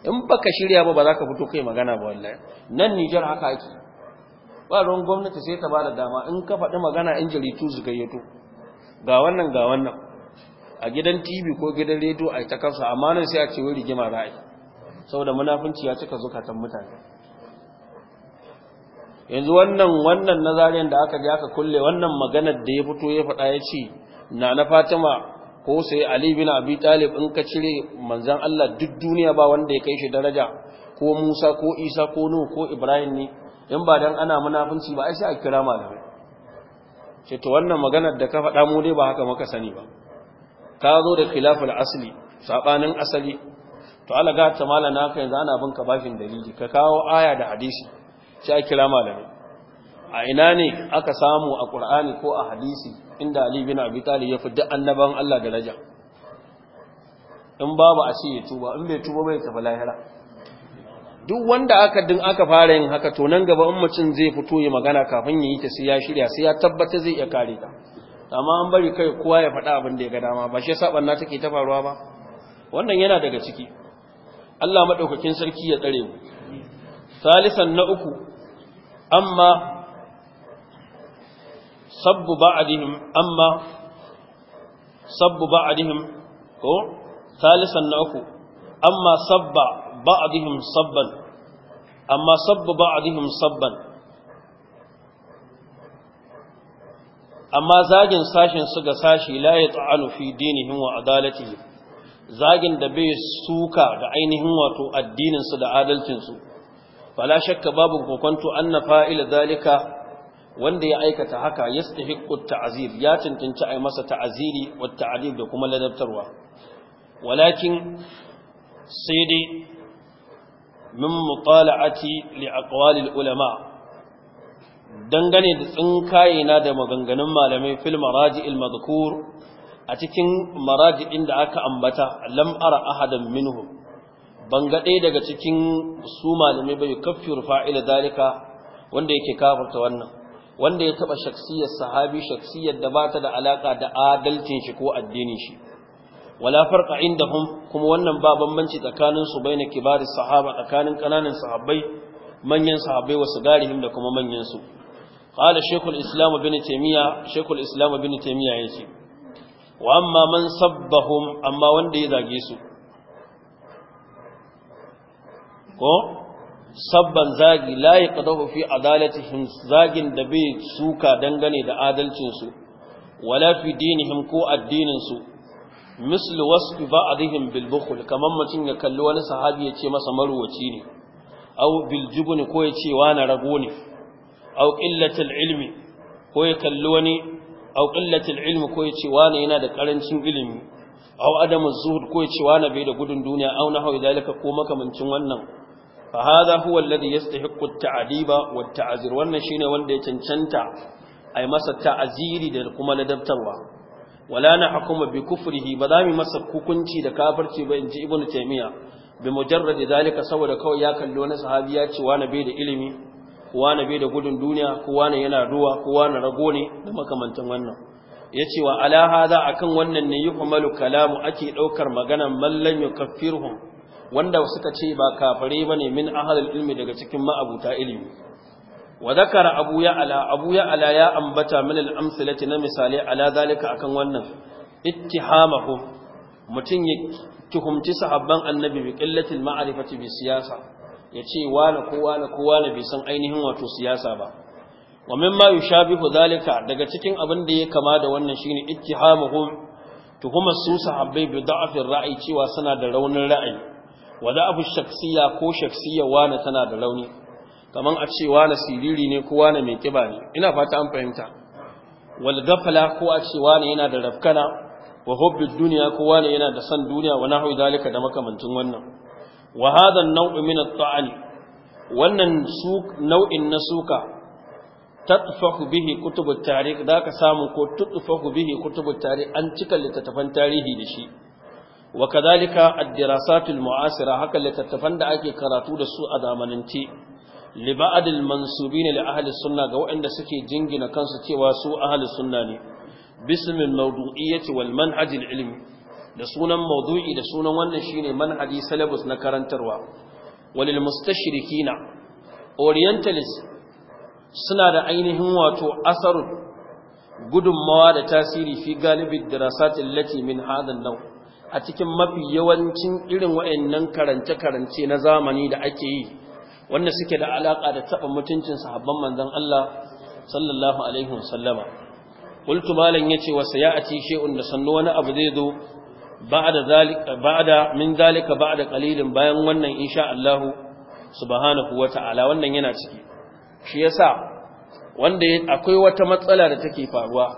in baka shirya ba ba za ka fito kai magana ba wallahi nan Nijar haka ake ba ruwan gwamnati sai ta bada dama in ka faɗi magana in tu su gayyato ga wannan ga wannan a gidan TV ko gidan rediyo a ta kansa amma nan sai a ce wai rigima za a yi saboda munafunci ya cika zukatan mutane yanzu wannan wannan nazarin da aka je aka kulle wannan maganar da ya fito ya faɗa ya ce na na Fatima ko sai Ali bin Abi Talib in ka cire manzon Allah duk duniya ba wanda ya kai shi daraja ko Musa ko Isa ko nuhu ko Ibrahim ne in ba dan ana munafunci ba ai sai a kira malamai ce to wannan maganar da ka faɗa mu dai ba haka muka sani ba ka zo da khilaful asli sabanin asali to Allah ga ta malama naka yanzu ana bin ka bashin dalili ka kawo aya da hadisi sai a kira malamai a ina ne aka samu a Qur'ani ko a hadisi inda Ali bin Abi Talib ya fi annaban Allah daraja in babu a ce ya tuba in bai tuba bai tafi lahira duk wanda aka din aka fara yin haka to nan gaba in mutum zai fito ya magana kafin ya yi ta sai ya shirya sai ya tabbata zai iya kare ta amma an bari kai kowa ya faɗa abin da ya ga dama ba shi saban na take ta faruwa ba wannan yana daga ciki Allah madaukakin sarki ya tsare mu salisan na uku amma sabbu ba'dihim amma sabbu ba'dihim ko Salisan na uku amma sabba ba'dihim sabban amma sabbu ba'dihim sabban amma zagin sashin su ga sashi la ya ta'alu fi dinihim wa adalatihim zagin da bai suka ga ainihin wato addinin su da adalcin su fala shakka babu kokonto anna fa'ila zalika wanda ya aikata haka yastahiqqu ta'zir ya cancanci ai masa ta'ziri wa ta'dib da kuma ladabtarwa walakin sai dai min mutala'ati li aqwalil ulama dangane da tsinkaye na da maganganun malamai fil maraji'il madhkur a cikin maraji'in da aka ambata lam ara ahadan minhum ban ga ɗaya daga cikin su malamai bai kafir fa'ila dalika wanda yake kafarta wannan wanda ya taba shaksiyar sahabi shaksiyar da bata da alaka da adalcin shi ko addinin shi wala farqa indahum kuma wannan ba bambanci tsakanin su baina kibaris sahaba tsakanin kananan sahabbai manyan sahabbai wasu garihim da kuma manyan su qala shaykhul islam ibn taymiya shaykhul islam ibn taymiya yace wa amma man sabbahum amma wanda ya zage su ko sabban zagi la yaqdahu fi adalatihim zagin da bai suka dangane da adalcinsu wala fi dinihim ko addininsu misl ba a bil kamar mutum mutum ya kalli wani sahabi ya ce masa marwaci ne au bil ne ko ya ce na rago ne au qillatil ilmi ko ya kalli wani au ilmi ko ya ce na yana da karancin ilimi au adamu zuhud ko ya ce na bai da gudun duniya na hau idalika ko makamancin wannan fa hadha huwa alladhi yastahiqqu at-ta'diba wat-ta'zir wannan shine wanda ya cancanta ai masa ta'aziri da kuma ladabtarwa wala na hukuma bi kufrihi ba za mu masa hukunci da kafirci ba inji ibnu taymiya bi mujarrad zalika saboda kawai ya kallo wani sahabi ya ce wani bai da ilimi wani bai da gudun duniya ko wani yana ruwa ko na rago ne da makamantan wannan yace wa ala hada akan wannan ne yuhmalu kalamu ake daukar maganan man lam yukaffirhum wanda suka ce ba kafare ba ne min ahlul ilmi daga cikin ma'abuta ilimi wa zakara abu ya'ala abu ya ambata min al-amsalati na misali ala zalika akan wannan ittihamahum mutum ya tuhumci sahabban annabi bi qillatil ma'rifati bi siyasa ce wala ko wala ko na bai san ainihin wato siyasa ba wa mimma bihu zalika daga cikin abin da ya kama da wannan shine ittihamuhum tuhumar su sahabbai bi da'afin ra'ayi cewa suna da raunin ra'ayi wada abu shaksiya ko shaksiya wane tana da rauni kaman a ce wane siriri ne ko wane mai kiba ne ina fata an fahimta wal gafala ko a ce wane yana da rafkana wa duniya ko wane yana da san duniya wa nahwi dalika da makamancin wannan wa hadha an-naw'u min at-ta'ani wannan nau'in na suka tatfahu bihi kutubut tarikh da ka samu ko tutfahu bihi kutubut tarikh an cika littattafan tarihi da shi wa kadhalika ad-dirasat al-mu'asira hakan littattafan da ake karatu da su a zamanance li ba'd al-mansubin li ahli sunna ga waɗanda suke jingina kansu cewa su ahli sunna ne bismil mawdu'iyyati wal manhaj al-ilmi da sunan mawdu'i da sunan wannan shine manhaji syllabus na karantarwa walil mustashrikina orientalist suna da ainihin wato asarun gudunmawa da tasiri fi galibin dirasat allati min hadan nau' a cikin mafi yawancin irin wa'annan karance-karance na zamani da ake yi wanda suke da alaƙa da taɓa mutuncin sahabban manzon Allah sallallahu alaihi wasallama ce malan yace wa sayati shay'un da sannu wani abu zai zo ba'da zalika ba'da min zalika ba'da qalilin bayan wannan insha Allah subhanahu wata'ala wannan yana ciki shi yasa wanda akwai wata matsala da take faruwa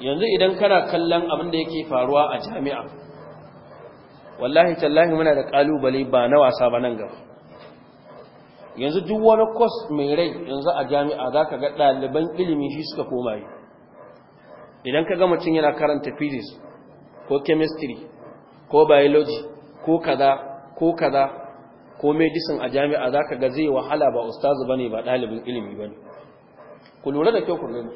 yanzu idan kana kallon abin da yake faruwa a jami'a wallahi tallahi muna da kalubale ba na wasa ba nan gaba yanzu duk wani kwas mai rai yanzu a jami'a za ka ga ɗaliban ilimi shi suka koma yi idan ka gama cin yana karanta physics ko chemistry ko biology ko kaza ko kaza ko medicine a jami'a za ka ga zai wahala ba ustazu ba ne ba ɗalibin ilimi ba ne ku lura da kyau ku gani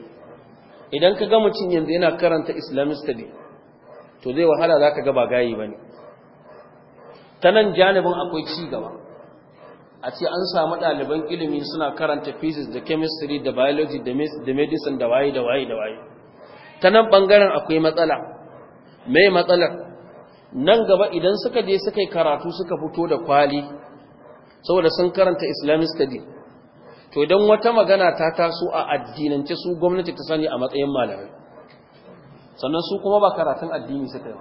idan ka ga mutum yanzu yana karanta islamic study to zai wahala za ka ga ba gayi ba ne ta nan janibin akwai cigaba gaba a ce an samu ɗaliban ilimi suna karanta physics da chemistry da biology da medicine da waye da waye da waye ta nan ɓangaren akwai matsala mai matsalar nan gaba idan suka je suka yi karatu suka fito da kwali saboda sun karanta islamic study to don wata magana ta taso a addinance su gwamnati ta sani a matsayin malamai sannan su kuma ba karatun addini suka yi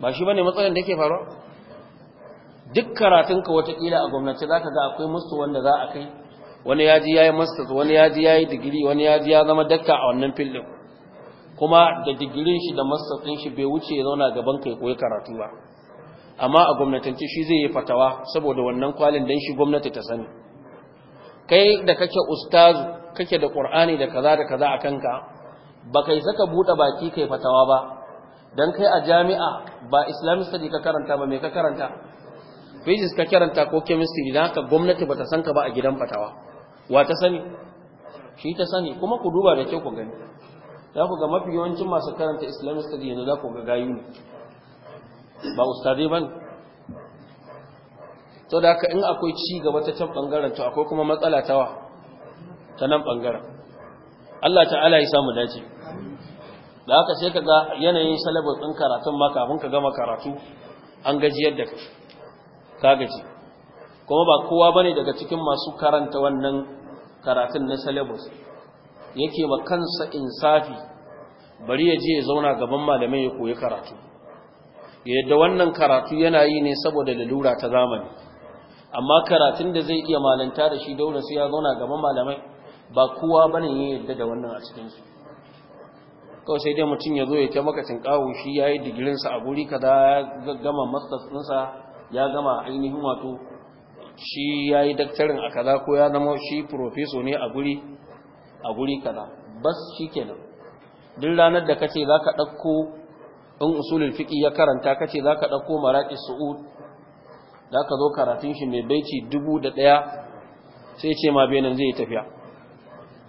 ba shi ba ne matsalar da ke faruwa duk karatunka watakila a gwamnati za ka ga akwai musu wanda za a kai wani ya ji ya yi masters wani ya ji ya yi digiri wani ya ji ya zama dakka a wannan filin kuma da digirin shi da masters ɗin shi bai wuce ya zauna gaban kai koyi karatu ba amma a gwamnatance shi zai yi fatawa saboda wannan kwalin don shi gwamnati ta sani kai da kake ustazu kake da qur'ani da kaza da kaza akan ka ba kai saka bude baki kai fatawa ba dan kai a jami'a ba islamic study ka karanta ba me ka karanta physics ka karanta ko chemistry dan haka gwamnati bata san ka ba a gidan fatawa wa ta sani shi ta sani kuma ku duba da kyau ku gani za ku ga mafi yawancin masu karanta islamic study yanzu za ku ga gayu ba ustadi ba sau da haka in akwai ci gaba ta can ɓangaren to akwai kuma matsala tawa ta nan ɓangaren Allah ta'ala ya samu dace da haka sai ka ga yanayin salabar ɗin karatun ma kafin ka gama karatu an gajiyar da ka gaji kuma ba kowa bane daga cikin masu karanta wannan karatun na salabus yake ma kansa insafi bari ya je ya zauna gaban malamai ya koyi karatu yadda wannan karatu yana yi ne saboda lalura ta zamani amma karatun da zai iya malanta da shi dole sai ya zauna gaban malamai ba kowa bane ya yarda da wannan a cikin su kawai sai dai mutum ya zo ya makacin kawo shi ya yi digirinsa a guri kaza ya gama masters ɗinsa ya gama ainihin wato shi ya yi daktarin a kaza ko ya zama shi profeso ne a guri a guri kaza bas shi kenan duk ranar da kace za ka ɗauko in usulul fiƙi ya karanta kace za ka ɗauko maraƙi su'ud da aka zo karatun shi mai baici dubu da ɗaya sai ce ma benin zai tafiya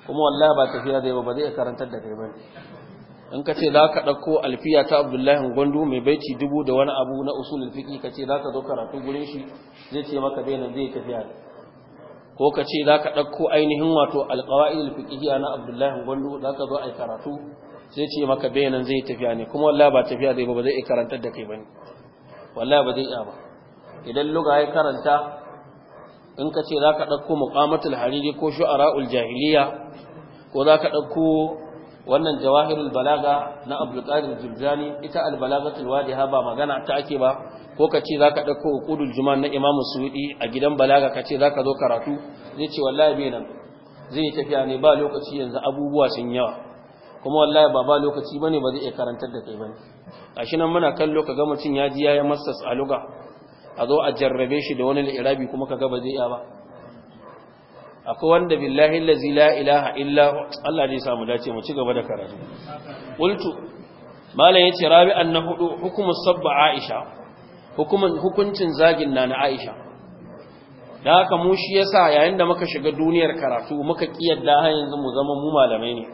kuma wallah ba tafiya zai ba ba zai karantar da kai ba in ka ce za ka ɗauko alfiya ta abdullahi gwandu mai baici dubu da wani abu na usulul fiƙi ka ce za ka zo karatu gurin shi zai ce maka benin zai tafiya ko ka ce za ka ɗauko ainihin wato alƙawa'il fiƙiya na abdullahi gwandu za ka zo a karatu zai ce maka bayanan zai tafiya ne kuma wallahi ba tafiya zai ba ba zai karantar da kai bane wallahi ba zai iya ba idan luga ya karanta in ka ce za ka ɗauko muƙamatul hariri ko shu'ara'ul jahiliya ko za ka ɗauko wannan jawahirul balaga na abdulkadir jilzani ita albalagatul wadiha ba magana ta ake ba ko ka ce za ka ɗauko uqudul juma na imamu suwidi a gidan balaga ka ce za ka zo karatu zai ce wallahi bai nan zai tafiya ne ba lokaci yanzu abubuwa sun yawa kuma wallahi ba ba lokaci bane ba zai iya karantar da kai bane gashi nan muna kallo kaga mutum ya ji yayi masters a luga a zo a jarrabe shi da wani la'irabi kuma kaga ba zai ba akwai wanda billahi lazi la ilaha illa Allah ne samu dace mu ci gaba da karatu qultu malam yace rabi'an na hudu hukumu sabba aisha hukumin hukuncin zagin na na aisha da haka mu shi yasa yayin da muka shiga duniyar karatu muka kiyarda har yanzu mu zama mu malamai ne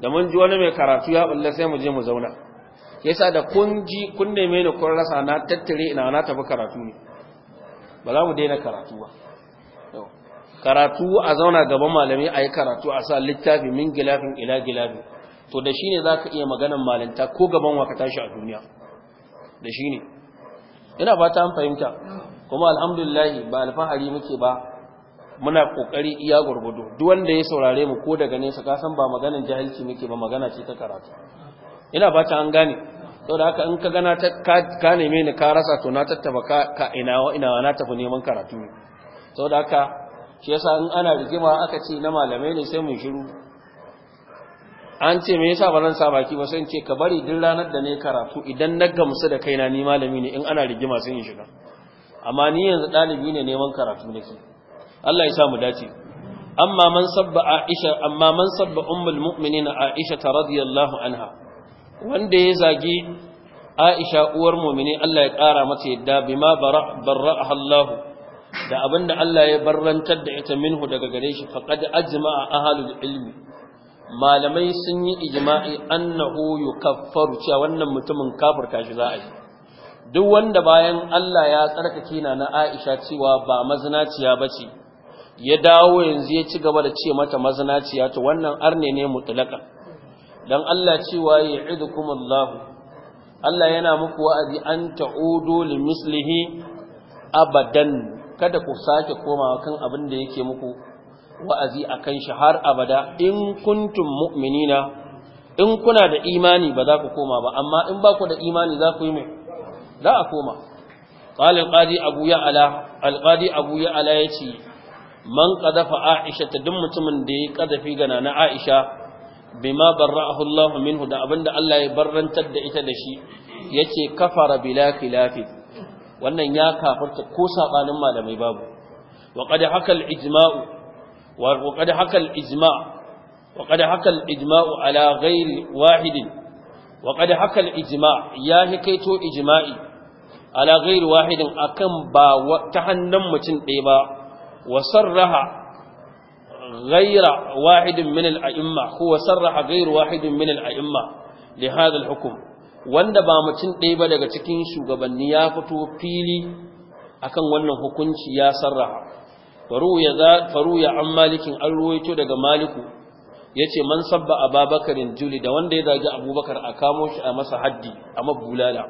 da mun ji wani mai karatu ya bulla sai mu je mu zauna yasa da kun ji kun neme ni kun rasa na tattare ina na tafi karatu ne ba za mu daina karatu ba karatu a zauna gaban malami a yi karatu a sa littafi min gilafin ila gilafi to da shi ne za ka iya maganan malinta ko gaban wa ka tashi a duniya da shi ne ina ba ta fahimta kuma alhamdulillahi ba alfahari muke ba muna kokari iya gurgudu duk wanda ya saurare mu ko daga nesa ka san ba maganan jahilci muke ba magana ce ta karatu ina ba ta an gane da haka in ka gana ka neme ni ka rasa to na tattaba ka ina ina na tafi neman karatu da haka shi yasa in ana rigima aka ce na malamai ne sai mun shiru an ce me yasa ba zan sa baki ba sai in ce ka bari duk ranar da ne karatu idan na gamsu da kaina ni malami ne in ana rigima sai in shiga amma ni yanzu dalibi ne neman karatu nake Allah ya sa mu dace amma man sabba Aisha amma man sabba ummul mu'minin Aisha radiyallahu anha wanda ya zagi Aisha uwar mu'mini Allah ya kara mata yadda bima barra'aha Allah da abinda Allah ya barrantar da ita minhu daga gare shi faqad ajma'a ahlul ilmi malamai sun yi ijma'i annahu yukaffaru cewa wannan mutumin kafirta shi za a yi duk wanda bayan Allah ya tsarkake na na Aisha cewa ba mazinaciya bace ya dawo yanzu ya ci gaba da ce mata mazinaciya to wannan arne ne mutlaka dan Allah cewa ya'idukum Allah Allah yana muku wa'azi an ta'udu limislihi abadan kada ku sake komawa kan abin da yake muku wa'azi akan shi har abada in kuntum mu'minina in kuna da imani ba za ku koma ba amma in ba ku da imani za ku yi mai za a koma قال القاضي ابو يعلى القاضي ابو يعلى yace man qadafa aisha ta duk mutumin da ya qadafi gana na aisha bima barra'ahu Allah minhu da abinda Allah ya barrantar da ita da shi yace kafara bila khilafi wannan ya kafarta ko sabanin malamai babu wa qad haka al-ijma'u wa qad haka al-ijma' wa qad haka al-ijma'u ala ghairi wahidin wa qad haka al-ijma' ya hikaito ijma'i ala ghairi wahidin akan ba ta hannun mutum ɗaya ba wa sarraha Gaira wahidin min al-a'imma huwa sarraha ghairu wahidin min al-a'imma li hukum wanda ba mutum ɗaya ba daga cikin shugabanni ya fito fili akan wannan hukunci ya sarraha faru ya an malikin an ruwaito daga maliku yace man sabba a babakarin juli da wanda ya zagi abubakar a kamo shi a masa haddi a mabulala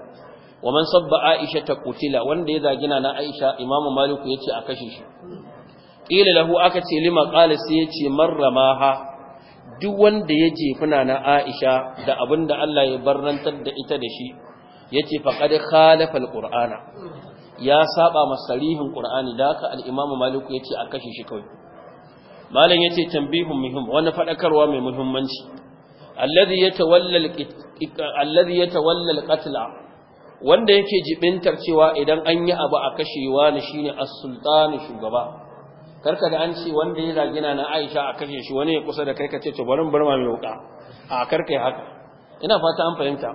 wa man sabba aisha ta kutila wanda ya zagi na aisha imamu maliku yace a kashe shi ƙila lahu aka ce lima ƙala sai ya ce marramaha duk wanda ya jefuna na aisha da abin da Allah ya barrantar da ita da shi ya ce faƙaɗi khalafal ƙur'ana ya saba masarihin ƙur'ani da haka al'imamu maliku ya ce a kashe shi kawai malam ya ce tambihun muhim wani faɗakarwa mai muhimmanci alladhi ya tawallal alqatla wanda yake jibintar cewa idan an yi abu a kashewa ne shine as sultani shugaba karka da an ce wanda ya zagina na Aisha a kashe shi wani ya kusa da kai ka ce to barin barma mai wuka a karka haka ina fata an fahimta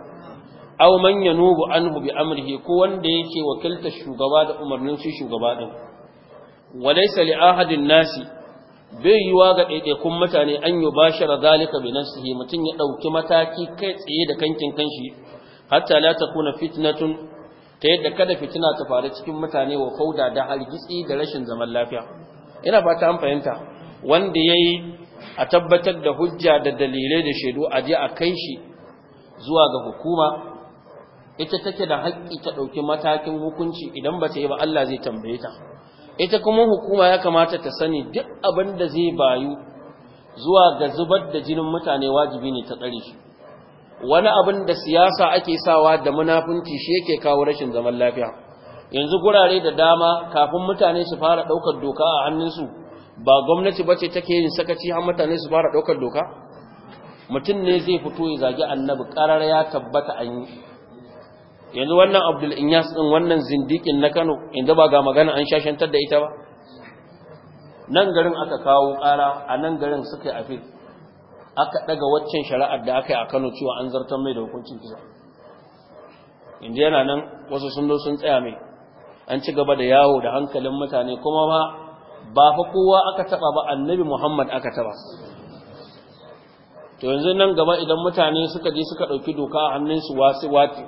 aw man nubu anhu bi amrihi ko wanda yake wakiltar shugaba da umarnin shi shugaba din walaysa li ahadin nasi bai yi yiwa ga ɗaiɗaikun mutane an yi bashara zalika bi nafsihi mutum ya ɗauki mataki kai tsaye da kankin kanshi hatta la takuna fitnatun ta yadda kada fitina ta faru cikin mutane wa fauda da hargitsi da rashin zaman lafiya ina fata an fahimta wanda yayi a tabbatar da hujja da dalilai da shaidu a je a kai shi zuwa ga hukuma ita take da haƙƙi ta ɗauki matakin hukunci idan ba ta yi ba Allah zai tambaye ta ita kuma hukuma ya kamata ta sani duk abin da zai bayu zuwa ga zubar da jinin mutane wajibi ne ta tsare shi wani abin da siyasa ake sawa da munafunci shi yake kawo rashin zaman lafiya yanzu gurare da dama kafin mutane su fara ɗaukar doka a hannunsu ba gwamnati ba ce take yin sakaci har mutane su fara ɗaukar doka mutum ne zai fito ya zagi annabi ƙarar ya tabbata an yi yanzu wannan abdul inyas din wannan zindikin na kano inda ba ga magana an shashantar da ita ba nan garin aka kawo ƙara a nan garin suka yi afil aka ɗaga waccan shari'ar da aka yi a kano cewa an zartar mai da hukuncin kisa inda yana nan wasu sun sun tsaya mai an ci gaba da yawo da hankalin mutane kuma ba ba fa kowa aka taba ba annabi Muhammad aka taba to yanzu nan gaba idan mutane suka je suka dauki doka a hannunsu wasu wati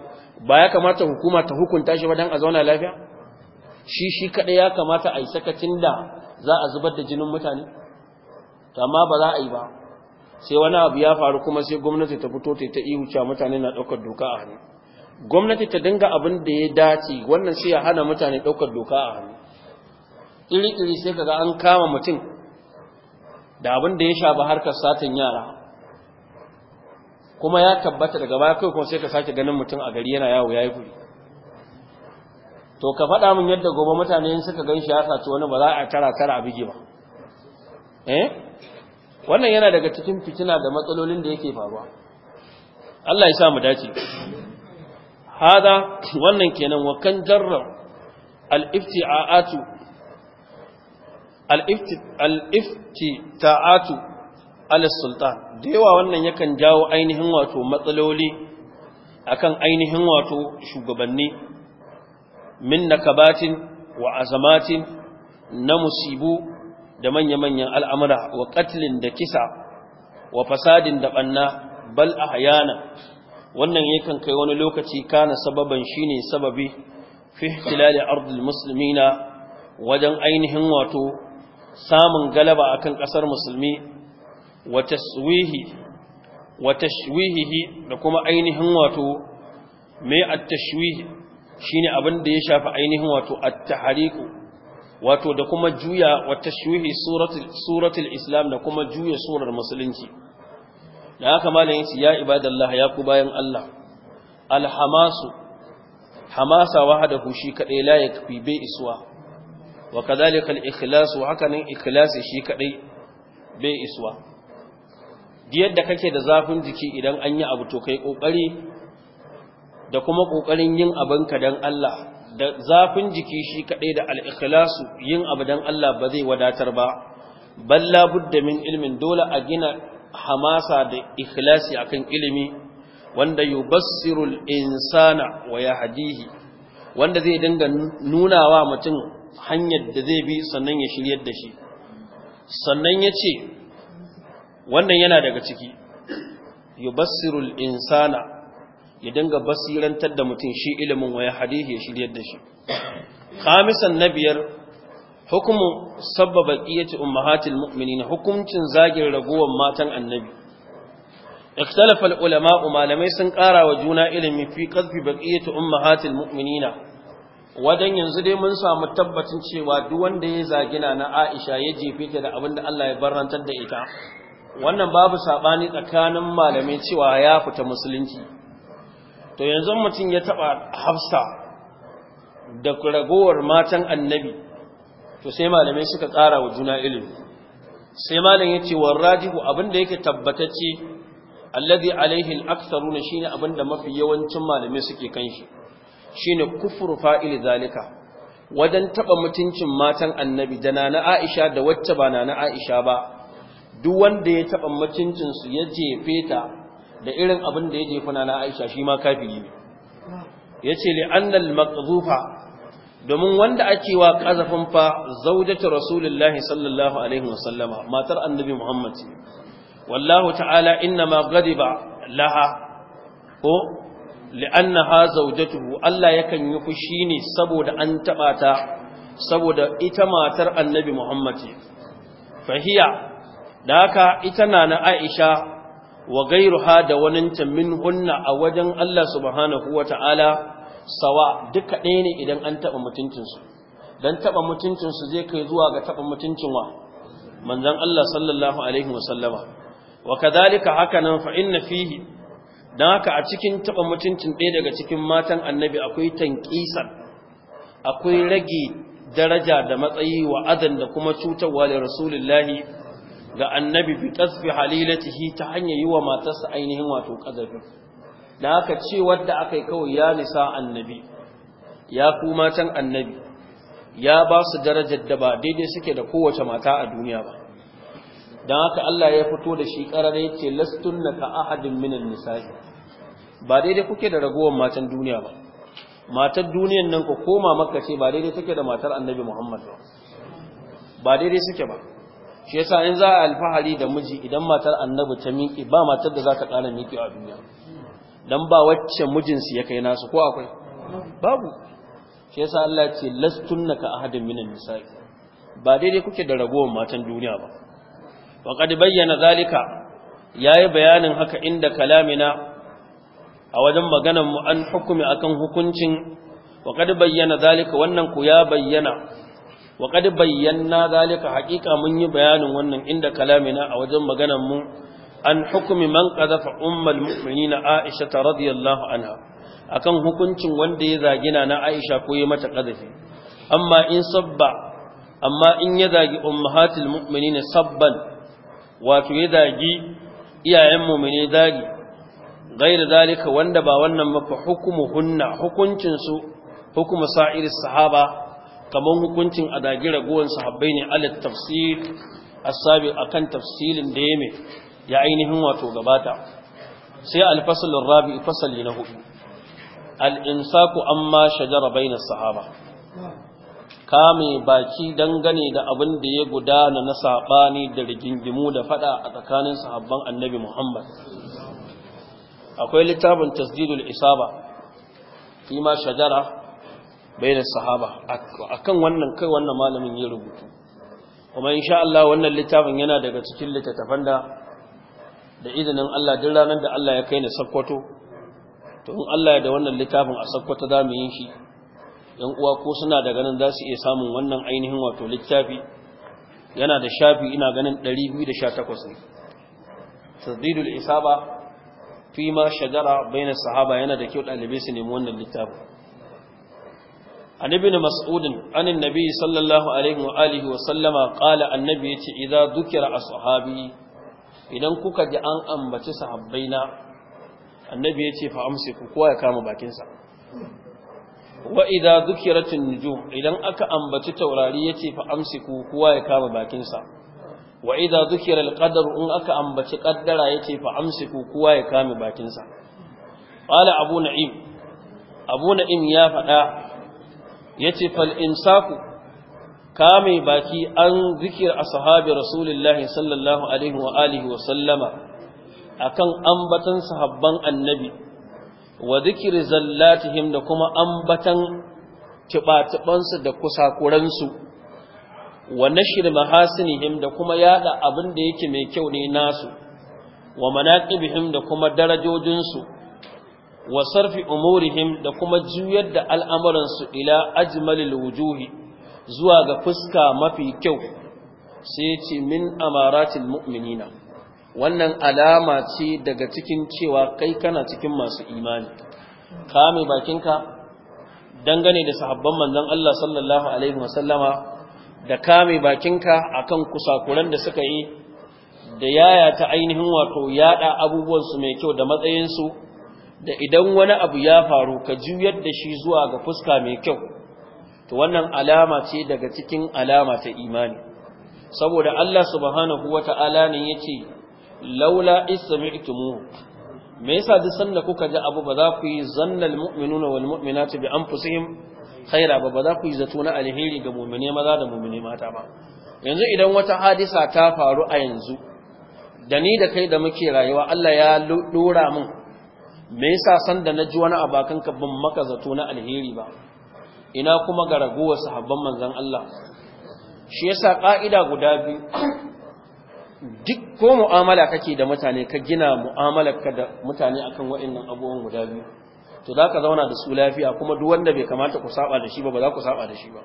ba ya kamata hukuma ta hukunta shi ba dan a zauna lafiya shi shi kadai ya kamata a yi sakacin da za a zubar da jinin mutane amma ba za a yi ba sai wani abu ya faru kuma sai gwamnati ta fito ta ihu cewa mutane na daukar doka a hannu gwamnati ta dinga abin da ya dace wannan sai ya hana mutane ɗaukar doka a hannu iri-iri sai kaga an kama mutum da abin da ya ba harkar satin yara kuma ya tabbata daga baya kai kuma sai ka sake ganin mutum a gari yana yawo ya yi kuri to ka faɗa min yadda gobe mutane in suka gan shi ya saci wani ba za a tara tara a bige ba eh? wannan yana daga cikin fitina da matsalolin da yake faruwa Allah ya sa mu dace hada wannan kenan wa kan jarra al-ifti'atu al-ifti'atu al-sultan da yawa wannan yakan jawo ainihin wato matsaloli akan ainihin wato shugabanni min nakabatin wa azamatin na musibu da manya-manyan al'amura wa katlin da kisa wa fasadin da banna bal ahyana wannan yakan kai wani lokaci kana sababan shine sababi fi ihtilali ardil muslimina wajen ainihin wato samun galaba akan kasar musulmi wa taswihi wa tashwihihi da kuma ainihin wato me at-tashwih shine abin da ya shafi ainihin wato at hariku, wato da kuma juya wa tashwihi suratul suratul islam da kuma juya surar musulunci da haka malamin yace ya ibadallah ya ku bayan Allah alhamasu hamasa wahdahu shi kadai la yakfi bai iswa wa kadhalika al wa haka nan ikhlasi shi kadai bai iswa yadda kake da zafin jiki idan an yi abu to kai kokari da kuma kokarin yin ka dan Allah da zafin jiki shi kaɗai da alikhlas yin abu dan Allah ba zai wadatar ba, balla budda min ilmin dole a gina hamasa da ikhlasi akan ilimi wanda al insana wa yahdihi wanda zai dinga nunawa mutum hanyar da zai bi sannan ya shiryar da shi sannan yace wannan yana daga ciki al insana ya dinga basirantar da mutum shi ilimin wa yahdihi ya shiryar da shi khamisan nabiyar hukumu sabbaba iyati ummahatil mu'minin hukuncin zagin ragowar matan annabi ikhtalafa ulama malamai sun ƙara wa juna ilimi fi qadfi baqiyati ummahatil mu'minin wadan yanzu dai mun samu tabbacin cewa duk wanda ya zagina na Aisha ya jefe ta da abinda Allah ya barantar da ita wannan babu sabani tsakanin malamai cewa ya fita musulunci to yanzu mutum ya taba Hafsa da ragowar matan annabi to sai malamai suka ƙara wa juna ilimi sai malam yace rajihu abinda yake tabbatacce alladhi alaihi al ne shine abinda mafi yawancin malamai suke kanshi shine kufru fa'il zalika wajen taba mutuncin matan annabi da na Aisha da wacce ba na Aisha ba duk wanda ya taba mutuncin su ya jefe ta da irin abin da ya jefa nana Aisha shi ma kafiri ne yace li annal maqdhufa domin wanda ake wa ƙazafin fa zaujatu rasulullahi sallallahu alaihi wasallama matar annabi muhammad wallahu ta'ala inna ma ghadiba laha ko li'annaha zawjatuhu Allah yakan yi fushi ne saboda an taba ta saboda ita matar annabi muhammad ce fahiya da haka ita na na Aisha wa gairuha da waninta min hunna a wajen Allah subhanahu wa ta'ala sawa duka ɗaya ne idan an taɓa mutuncinsu don taɓa mutuncinsu zai kai zuwa ga taɓa mutuncin wa manzan Allah sallallahu alaihi wasallama wa kadhalika hakanan fa inna fihi dan haka a cikin taɓa mutuncin ɗaya daga cikin matan annabi akwai tanqisan akwai rage daraja da matsayi wa adan da kuma cutarwa da rasulullahi ga annabi bi tasfi halilatihi ta hanyar yi wa matarsa ainihin wato ƙazafin. da aka ce wadda aka yi kawai ya nisa annabi ya kuma matan annabi ya ba su darajar da ba daidai suke da kowace mata a duniya ba don haka Allah ya fito da shi ya ce lastun na ka ahadin minan nisa'i ba daidai kuke da ragowar matan duniya ba matar duniyan nan ku koma maka ce ba daidai take da matar annabi muhammad ba ba daidai suke ba shi yasa in za a alfahari da miji idan matar annabi ta miƙe ba matar da za ta ƙara miƙe a duniya dan ba wacce mijinsu ya kai nasu ko akwai babu shi yasa Allah ce lastunna ka ahadin minan nisa'i ba daidai kuke da ragowar matan duniya ba wa qad bayyana zalika yayi bayanin haka inda kalamina a wajen maganar mu an hukumi akan hukuncin wa qad bayyana zalika wannan ku ya bayyana wa qad bayyana zalika haƙiƙa mun yi bayanin wannan inda kalamina a wajen maganar mu an hukumi man qadafa ummul mu'minina Aisha radiyallahu anha akan hukuncin wanda ya zagi na Aisha ko ya mata qadafi amma in sabba amma in ya zagi ummahatul mu'minina sabban wato ya zagi iyayen mu'mini zagi gairu zalika wanda ba wannan hukumu hunna, hukuncin su hukumu sa'iris sahaba kamar hukuncin a zagi ragowar sahabbai ne alat tafsir asabi akan tafsilin da ya ya ainihin wato gabata sai alfasalin rabi fasali na hudu al'insaku an ma shajara bai sahaba kame baki dangane da abin da ya gudana na saɓani da rigingimu da fada a tsakanin sahabban annabi muhammad akwai littafin tasdidul isaba fi shajara bai sahaba akan wannan kai wannan malamin ya rubutu kuma insha Allah wannan littafin yana daga cikin littattafan da da izinin Allah duk ranar da Allah ya kai ni sakkwato to in Allah ya da wannan littafin a sakkwato za mu yin shi yan uwa ko suna da ganin za su iya samun wannan ainihin wato littafi yana da shafi ina ganin 218 ne tasdidul isaba fi ma shajara bayan sahaba yana da kyau ɗalibai su nemi wannan littafin عن ابن مسعود عن wa صلى الله عليه وآله وسلم قال النبي إذا ذكر أصحابي idan kuka ji an ambaci sahabbai na annabi ya ce fa amsi ku kowa ya kama bakinsa wa idan dhukiratin nujum idan aka ambaci taurari ya ce fa amsi ku kowa ya kama bakinsa wa idan dhukira alqadar in aka ambaci qaddara ya ce fa amsi ku kowa ya kama bakinsa qala abu na'im abu na'im ya faɗa yace fal insaku kame baki an zikir ashabi rasulullahi sallallahu alaihi wa alihi wa sallama akan ambatan sahabban annabi wa zikir zallatihim da kuma ambatan tibatibansu da kusakuransu wa nashir mahasinihim da kuma yada abin da yake mai kyau ne nasu wa manaqibihim da kuma darajojinsu wa sarfi umurihim da kuma juyar da al'amuransu ila ajmalil wujuhi zuwa ga fuska mafi kyau sai ce min amaratin mu'minina wannan alama ce daga cikin cewa kai kana cikin masu imani Ka mai bakinka dangane da sahabban manzon Allah sallallahu alaihi wasallama da kame bakinka kan kusakuran da suka yi da yaya ta ainihin wato yada abubuwansu mai kyau da matsayinsu da idan wani abu ya faru ka juyar da shi zuwa ga fuska mai kyau to wannan alama ce daga cikin alama ta imani saboda Allah subhanahu wata'ala ne yace laula ismi'tumu me yasa duk sanda kuka ji abu ba za ku yi zannal mu'minuna wal mu'minatu bi anfusihim khaira ba ba za ku yi zato na alheri ga mu'mine maza da mu'mine mata ba yanzu idan wata hadisa ta faru a yanzu da ni da kai da muke rayuwa Allah ya dora min me yasa sanda na ji wani abakan kabban maka zato na alheri ba ina kuma ga raguwar sahabban manzon Allah shi yasa ka'ida guda biyu duk ko mu'amala kake da mutane ka gina mu'amalarka da mutane akan waɗannan abubuwan guda biyu to za ka zauna da su lafiya kuma duk wanda bai kamata ku saba da shi ba ba za ku saba da shi ba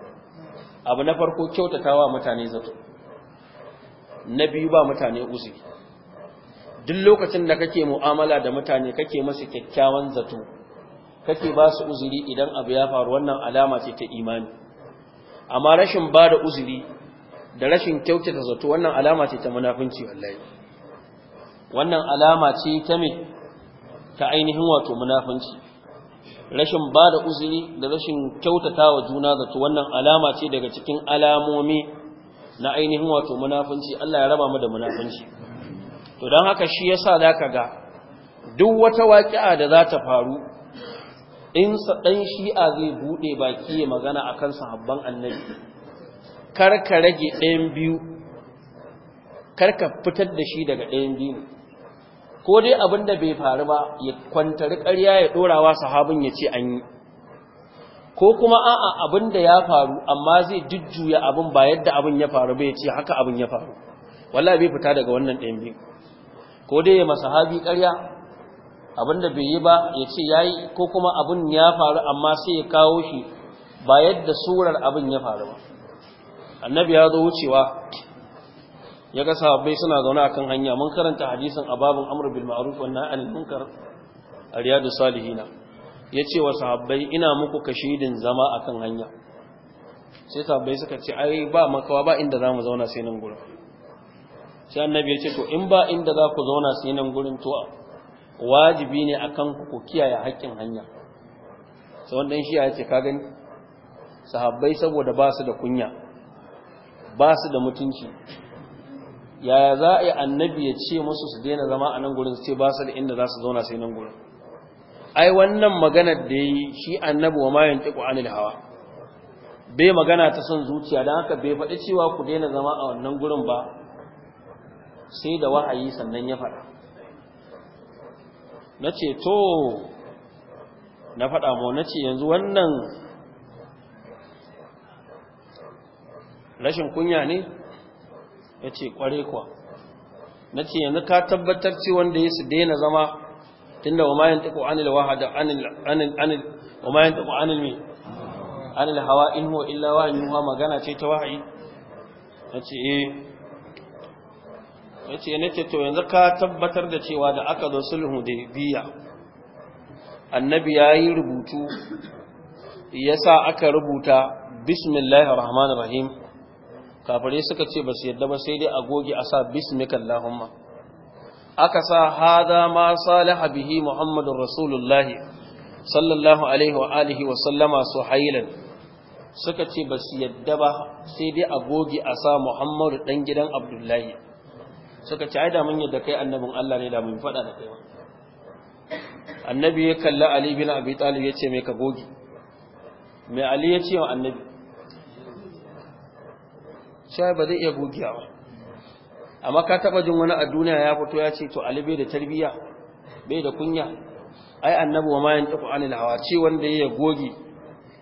abu na farko kyautatawa mutane zato na biyu ba mutane uzuri duk lokacin da kake mu'amala da mutane kake masa kyakkyawan zato kake ba su uzuri idan abu ya faru wannan alama ce ta imani amma rashin ba da uzuri da rashin kyautata zato wannan alama ce ta munafunci wallahi wannan alama ce ta me ta ainihin wato munafunci rashin ba da uzuri da rashin kyautata wa juna zato wannan alama ce daga cikin alamomi na ainihin wato munafunci Allah ya raba mu da munafunci to don haka shi yasa zaka ga duk wata waƙi'a da za ta faru in ɗan shi'a zai buɗe baki ya magana a kan sahabban annabi karka rage ɗayan biyu karka fitar da shi daga ɗayan biyu ko dai abin da bai faru ba ya kwantari ƙarya ya ɗorawa sahabin ya ce an yi ko kuma a'a abin da ya faru amma zai jujjuya abin ba yadda abin ya faru bai ce haka abin ya faru wallahi bai fita daga wannan ɗayan biyu ko dai ya masahabi ƙarya Abin da bai yi ba ya ce ya yi ko kuma abin ya faru amma sai ya kawo shi ba yadda surar abin ya faru ba annabi ya zo wucewa ya ga sahabbai suna zaune a kan hanya mun karanta hadisin a babin amr bil ma'ruf wa nahy anil munkar a riyadu salihina ce wa sahabbai ina muku kashidin zama a kan hanya sai sahabbai suka ce ai ba makawa ba inda za mu zauna sai nan gurin sai annabi ya ce to in ba inda za ku zauna sai nan gurin to wajibi ne akan ku ku kiyaye haƙƙin hanya sai wanda shi ya ce ka gani sahabbai saboda ba su da kunya ba su da mutunci yaya za a yi annabi ya ce musu su daina zama a nan gurin su ce ba su da inda za su zauna sai nan gurin ai wannan maganar da yi shi annabi wa mayan ƙiƙo da hawa bai magana ta son zuciya don haka bai faɗi cewa ku daina zama a wannan gurin ba sai da wahayi sannan ya faɗa na ce to na faɗa mu na ce yanzu wannan rashin kunya ne ya ce ƙware kuwa na ce yanzu ka tabbatar ce wanda ya su daina zama tun da wamayin taƙo anil wahada wamayin taƙo anil mai anil hawa in huwa illa wahayin magana ce ta wahayi na ce eh ya ce to yanzu ka tabbatar da cewa da aka zo sulhu da biya annabi ya yi rubutu ya sa aka rubuta bismillahir rahmanir rahim kafare suka ce ba su yadda ba sai dai a goge a sa bismika allahumma aka sa hada ma salaha bihi muhammadun rasulullah sallallahu alaihi wa alihi wa sallama suhailan suka ce ba su yadda ba sai dai a goge a sa muhammadu dan gidan abdullahi suka ci ai da mun yadda kai annabin Allah ne da mun faɗa da kai ba annabi ya kalla ali bin abi talib ya ce mai ka gogi mai ali ya ce wa annabi sai ba zai iya ba. amma ka taba jin wani a duniya ya fito ya ce to ali bai da tarbiyya bai da kunya ai annabi wa ma yantiqu anil hawa ce wanda ya gogi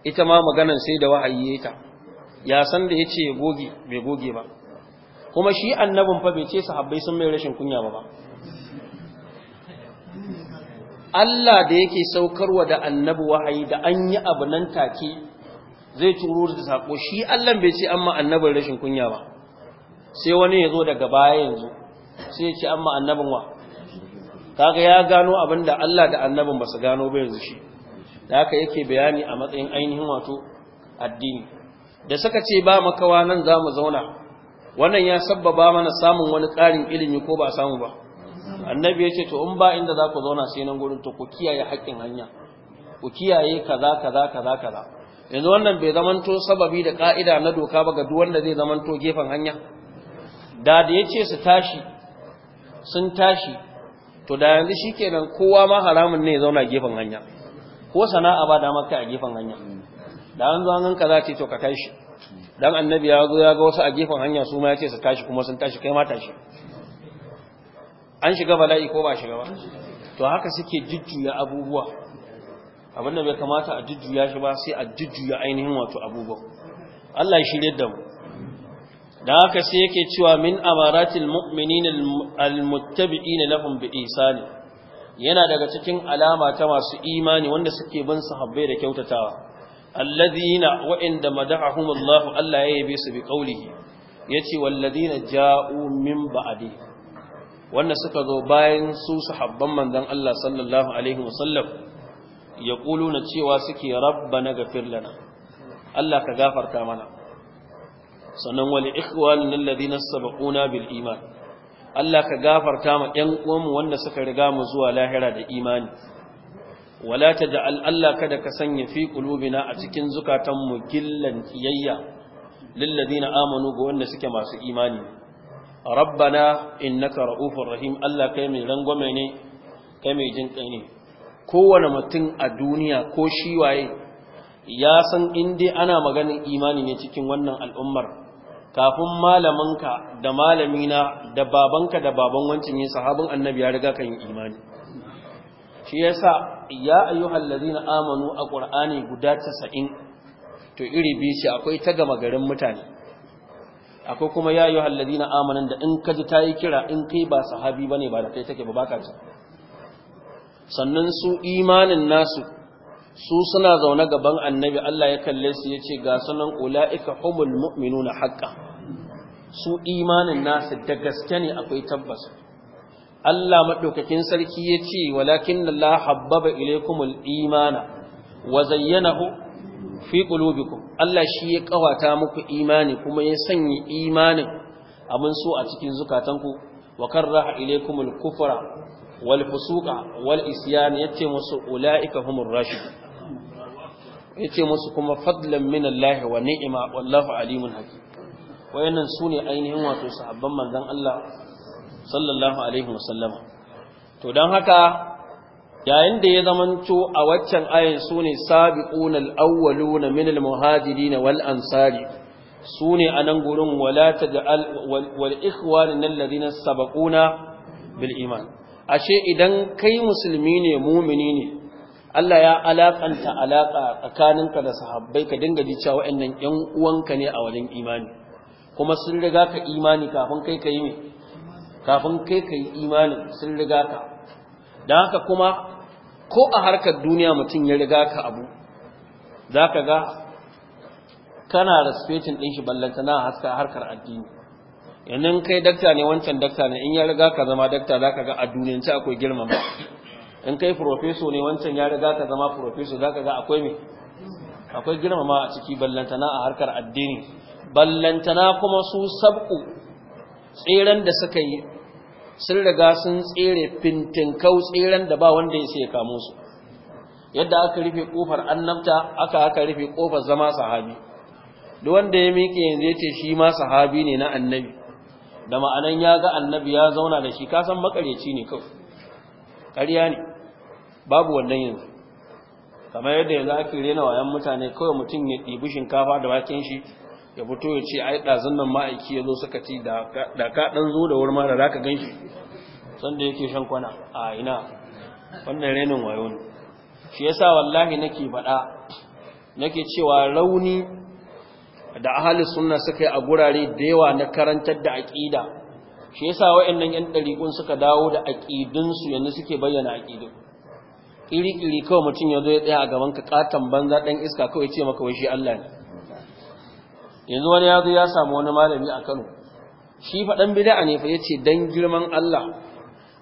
ita ma maganan sai da wahayi ya ya san da yace ya gogi bai goge ba kuma shi annabin fa bai ce sahabbai sun mai rashin kunya ba Allah da yake saukarwa da annabi wahayi da an yi abu nan take zai turo da sako shi Allah bai ce amma annabin rashin kunya ba sai wani ya zo daga baya yanzu sai ya ce amma annabin wa kaga ya gano abinda Allah da annabin ba su gano ba yanzu shi da haka yake bayani a matsayin ainihin wato addini da suka ce ba makawa nan za mu zauna wannan ya sabbaba mana samun wani tsarin ilimi ko ba samu ba annabi ya ce to in ba inda za ku zauna sai nan gurin to ku kiyaye haƙƙin hanya ku kiyaye kaza kaza kaza kaza yanzu wannan bai zamanto sababi da ƙa'ida na doka ba ga duk wanda zai zamanto gefen hanya da da ya ce su tashi sun tashi to da yanzu shikenan kowa ma haramun ne ya zauna gefen hanya ko sana'a ba da maka a gefen hanya da an zo an kaza ce to ka tashi dan annabi ya zo ya ga wasu a gefen hanya su ma ya ce su tashi kuma sun tashi kai ma tashi an shiga bala'i ko ba shiga ba to haka suke jujjuya abubuwa abin da bai kamata a jujjuya shi ba sai a jujjuya ainihin wato abubuwa Allah ya shirye da mu dan haka sai yake cewa min amaratil mu'minin almuttabi'in lahum bi ihsani yana daga cikin alama ta masu imani wanda suke bin sahabbai da kyautatawa alladhina wa'inda madahum Allah Allah ya yabe su bi qawlihi yace walladhina ja'u min ba'di wanda suka zo bayan su sahabban manzon Allah sallallahu alaihi wasallam yaquluna cewa suke rabbana ghafir lana Allah ka gafarta mana sannan wal ikhwanina alladhina sabaquna bil iman Allah ka gafarta ma ƴan uwanmu wanda suka riga mu zuwa lahira da imani wala da al'allah kada ka sanya fi a cikin zukatanmu gillan kiyayya lillazi na amanu ga wanda suke masu imani rabbana innaka ra'ufur rahim Allah kai mai rangwame ne kai mai jin ƙani kowane mutum a duniya ko shi waye ya san inda ana maganin imani ne cikin wannan al'ummar kafin malaminka da malamina da babanka da baban wancin yin sahabin annabi ya riga kan yi imani shi yasa ya ayyuhal na amonu a qur'ani guda tasa'in? to iri biyu ce akwai ta gama garin mutane akwai kuma ya ayyuhal na amonin da in ka ji tayi kira in kai ba sahabi ne ba da kai take ba baka ji sannan su imanin nasu su suna zaune gaban annabi Allah ya kalle su ya ce, ga sunan ulaika humul mu'minuna haƙƙa.' su imanin nasu da gaske ne akwai tabbas Allah maɗaukakin sarki ya ce, Walakin Allah habbaba ilaikumul imana, wa zayyanahu fi ƙulubikum, Allah shi ya ƙawata muku imani kuma ya sanya imanin abin so a cikin zukatanku, wa karraha ilaikumul kufra wal fusuka, wal Ya ce musu ulaika humur rashid ce musu kuma fadlan min Allah wa ni'ima wallahu alimun haƙi. wayannan sune ainihin wato sahabban manzon Allah sallallahu alaihi wasallama to don haka yayin da ya zamanto a waccan ayin su ne sabiquna al-awwaluna min al-muhajirin wal ansari su ne a gurin wala taj'al wal ikhwanina alladhina sabaquna bil iman ashe idan kai musulmi ne mu'mini ne Allah ya alakanta alaka tsakaninka da sahabbai ka dinga ji cewa waɗannan 'yan uwanka ne a wajen imani kuma sun riga ka imani kafin kai yi ne kafin kai ka yi imanin sun riga ka don haka kuma ko a harkar duniya mutum ya riga ka abu za ka ga kana respectin ɗin shi ballanta na haska harkar addini yannan kai dakta ne wancan dakta ne in ya riga ka zama dakta za ka ga a duniyanci akwai girmama in kai profeso ne wancan ya riga ka zama profeso za ka ga akwai me akwai girmama a ciki ballantana a harkar addini ballantana kuma su sabku tseren da suka yi sun riga sun tsere fintin fintinkau tseren da ba wanda ya sai kamo su yadda aka rufe kofar annabta aka aka rufe kofar zama sahabi duk wanda ya miƙe yanzu ya ce shi ma sahabi ne na annabi da ma'anan ya ga annabi ya zauna da shi kasan makareci ne kawai ƙarya ne babu wannan yanzu kamar yadda yanzu ake rena wayan mutane kawai mutum ya ɗibi shinkafa da bakin shi ya fito ya ce ai ɗazun nan ma'aiki ya zo suka ci da ka ɗan zo da wurma mara raka gan shi sanda yake shan kwana a ina wannan renin wayo ne shi yasa wallahi nake faɗa nake cewa rauni da ahli sunna suka yi a gurare da yawa na karantar da aƙida shi yasa waɗannan yan ɗariƙun suka dawo da aƙidunsu yanzu suke bayyana aƙidin? iri-iri kawai mutum ya zo ya tsaya a gaban ka katon banza ɗan iska kawai ce maka wai shi Allah ne yanzu wani ya zo ya samu wani malami a Kano shi faɗan bid'a ne fa yace dan girman Allah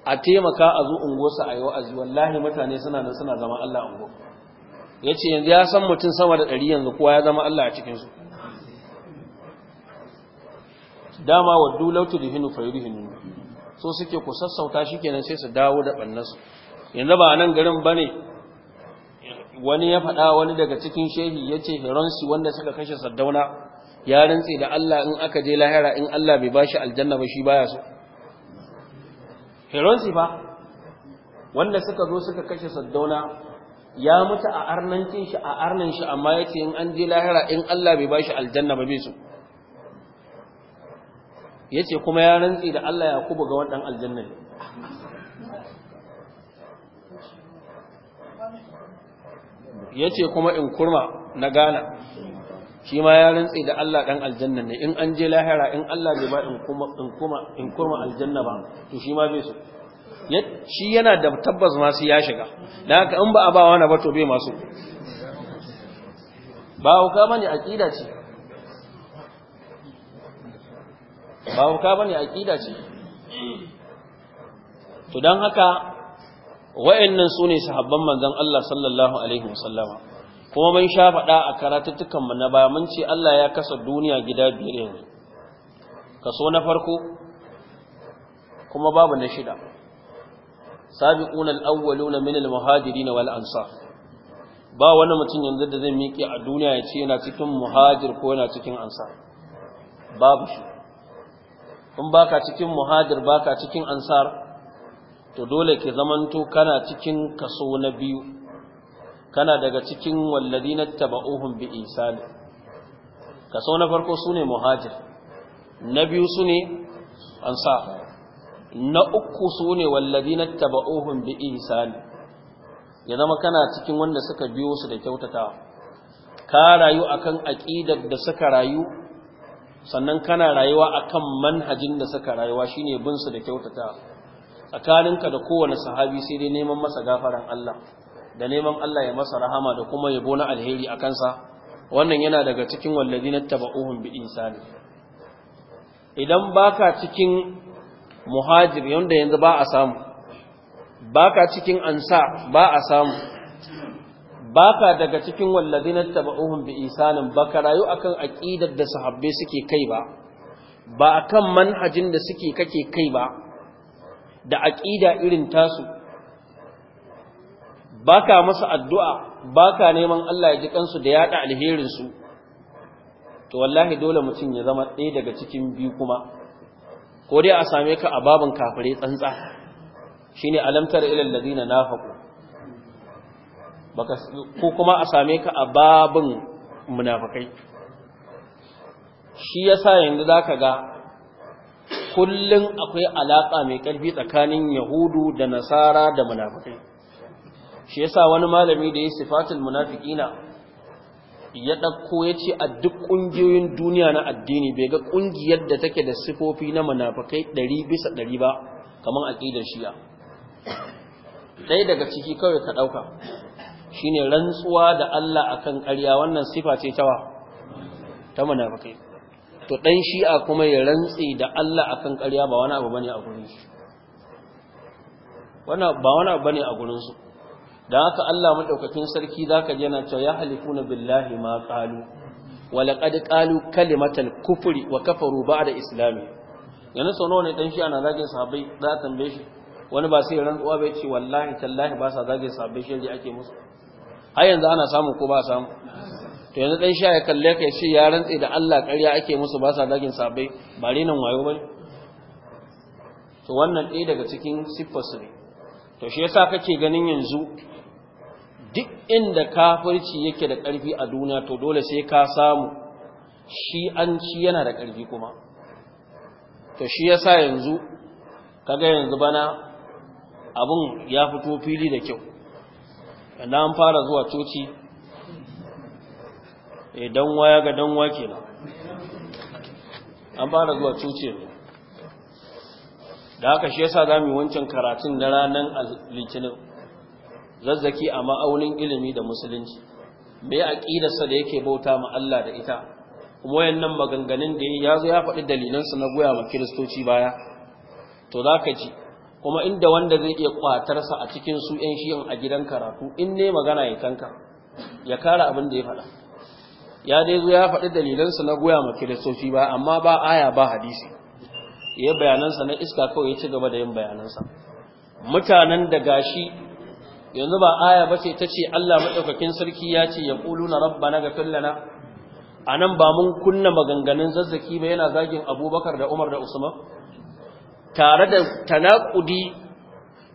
a taimaka a zo ungosa a yi wa'azi wallahi mutane suna nan suna zama Allah ungo yace yanzu ya san mutum sama da ɗari yanzu kowa ya zama Allah a cikin su dama waddu law fa fayudhinu so suke ku sassauta shikenan sai su dawo da ɓannansu. yanzu ba nan garin bane wani ya faɗa wani daga cikin shehi ya ce wanda suka kashe saddauna ya rantse da Allah in aka je lahira in Allah bai bashi aljanna ba shi baya so Heronsi ba wanda suka zo suka kashe Saddauna ya mutu a arnancin shi a arnan shi amma yace in an je lahira in Allah bai bashi aljanna ba bai so yace kuma ya rantse da Allah Yakubu ga wadan aljanna ne yace kuma in kurma na gana shi ma ya rantsi da Allah dan aljanna ne in an je lahira in Allah bai ba in kuma in kuma in kuma aljanna ba to shi ma bai so shi yana da tabbas ma sai ya shiga dan haka in ba a ba wani ba to bai masu. ba ne bane ƙida ce ba ne bane ƙida ce to dan haka wa'annan sune sahabban manzon Allah sallallahu alaihi wasallama kuma mun sha faɗa a karatuttukanmu na baya mun ce Allah ya kasa duniya gida biyar yanzu kaso na farko kuma babu na shida sabiqun al-awwaluna min al-muhajirin wal ansar ba wani mutum yanzu da zai miƙe a duniya ya ce yana cikin muhajir ko yana cikin ansar babu shi in baka cikin muhajir baka cikin ansar to dole ki zamanto kana cikin kaso na biyu kana daga cikin walladina taba'uhum bi ka kaso na farko sune muhajir na biyu sune ansa? na uku sune walladina taba'uhum bi ihsan ya zama kana cikin wanda suka biyo su da kyautata? ka rayu akan aqidar da suka rayu sannan kana rayuwa akan manhajin da suka rayuwa shine bin su da kyautata? tsakaninka da kowane sahabi sai dai neman masa gafaran Allah da neman Allah ya masa rahama da kuma yabo na alheri a kansa wannan yana daga cikin walladina taba'uhum bi insani idan baka cikin muhajir yanda yanzu ba a samu baka cikin ansa ba a samu baka daga cikin walladina taba'uhum bi ba baka rayu akan aqidar da sahabbai suke kai ba ba akan manhajin da suke kake kai ba da aqida irin tasu baka masa addu'a baka neman Allah ya ji kansu da yaɗa alherin su to wallahi dole mutum ya zama ɗaya daga cikin biyu kuma ko dai a same ka a babin kafirai tsantsa ne alamtar ila alladina na baka ko kuma a same ka a babin munafakai. shi ya sa yanzu ka ga kullum akwai alaƙa mai ƙarfi tsakanin yahudu da nasara da munafakai. shi yasa wani malami da ya sifatul munafiqina ya dauko yace a duk kungiyoyin duniya na addini bai ga kungiyar da take da sifofi na munafikai 100 bisa 100 ba kaman aqidar shi'a dai daga ciki kawai ka dauka shine rantsuwa da Allah akan ƙarya wannan sifa ce ta ta munafikai to dan shi'a kuma ya rantsi da Allah akan ƙarya ba wani abu bane a gurin shi wannan ba wani abu bane a gurin su dan haka Allah madaukakin sarki zaka ji yana cewa ya halifuna billahi ma qalu wa laqad qalu kalimatal kufri wa kafaru ba'da islami yana sono ne dan shi ana zagin sahabbai da tambaye shi wani ba sai ran uwa bai ce wallahi tallahi ba sa zagin sahabbai shi ake musu har yanzu ana samu ko ba samu to yanzu dan shi ya kalle ka shi ya rantsi da Allah ƙarya ake musu ba sa zagin sahabbai ba rinan wayo bane to wannan ɗaya daga cikin siffar ne to shi yasa kake ganin yanzu duk inda kafirci yake da ƙarfi a duniya to dole sai ka samu shi an ci yana da ƙarfi kuma to shi ya sa yanzu kaga yanzu bana abin ya fito fili da kyau yana an fara zuwa coci e danwa ya ga danwa nan. an fara zuwa coci yanzu da haka shi sa za mu yi wancan karatun na ranar litinin zazzaki a ma'aunin ilimi da musulunci me ƙidarsa da yake bauta ma Allah da ita kuma wayannan maganganun da ya zo ya faɗi dalilansu na goya ma kiristoci baya to za ka ji kuma inda wanda zai iya ƙwatarsa a cikin su ‘yan a gidan karatu in ne magana ya kanka, ya kara abin da ya faɗa ya dai zo ya faɗi dalilansa na goya ma kiristoci baya, amma ba aya ba hadisi ya bayanansa na iska kawai ya ci gaba da yin bayanansa mutanen da gashi yanzu ba aya bace ta ce Allah maɗaukakin sarki ya ce ya yaquluna rabbana ghfir lana anan ba mun kunna maganganun zazzaki ba yana zagin Abubakar da Umar da Usman tare da tanakudi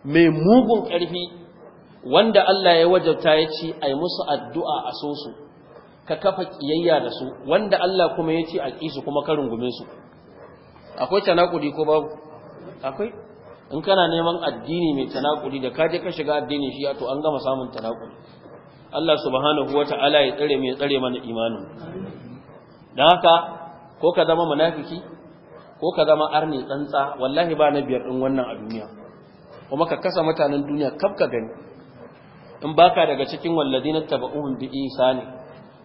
mai mugun ƙarfi wanda Allah ya wajabta ya ce ai musu addu'a a so su ka kafa kiyayya da su wanda Allah kuma ya ce a kisu kuma ka su akwai tanakudi ko babu akwai in kana neman addini mai tanakuli da kaje ka shiga addini shi to an gama samun tanakuli Allah subhanahu wata'ala ya tsare mai tsare mana imanin dan haka ko ka zama munafiki ko ka zama arni tsantsa wallahi ba na biyar din wannan a duniya kuma ka kasa mutanen duniya kaf ka gani in baka daga cikin walladina tabu'un bi isani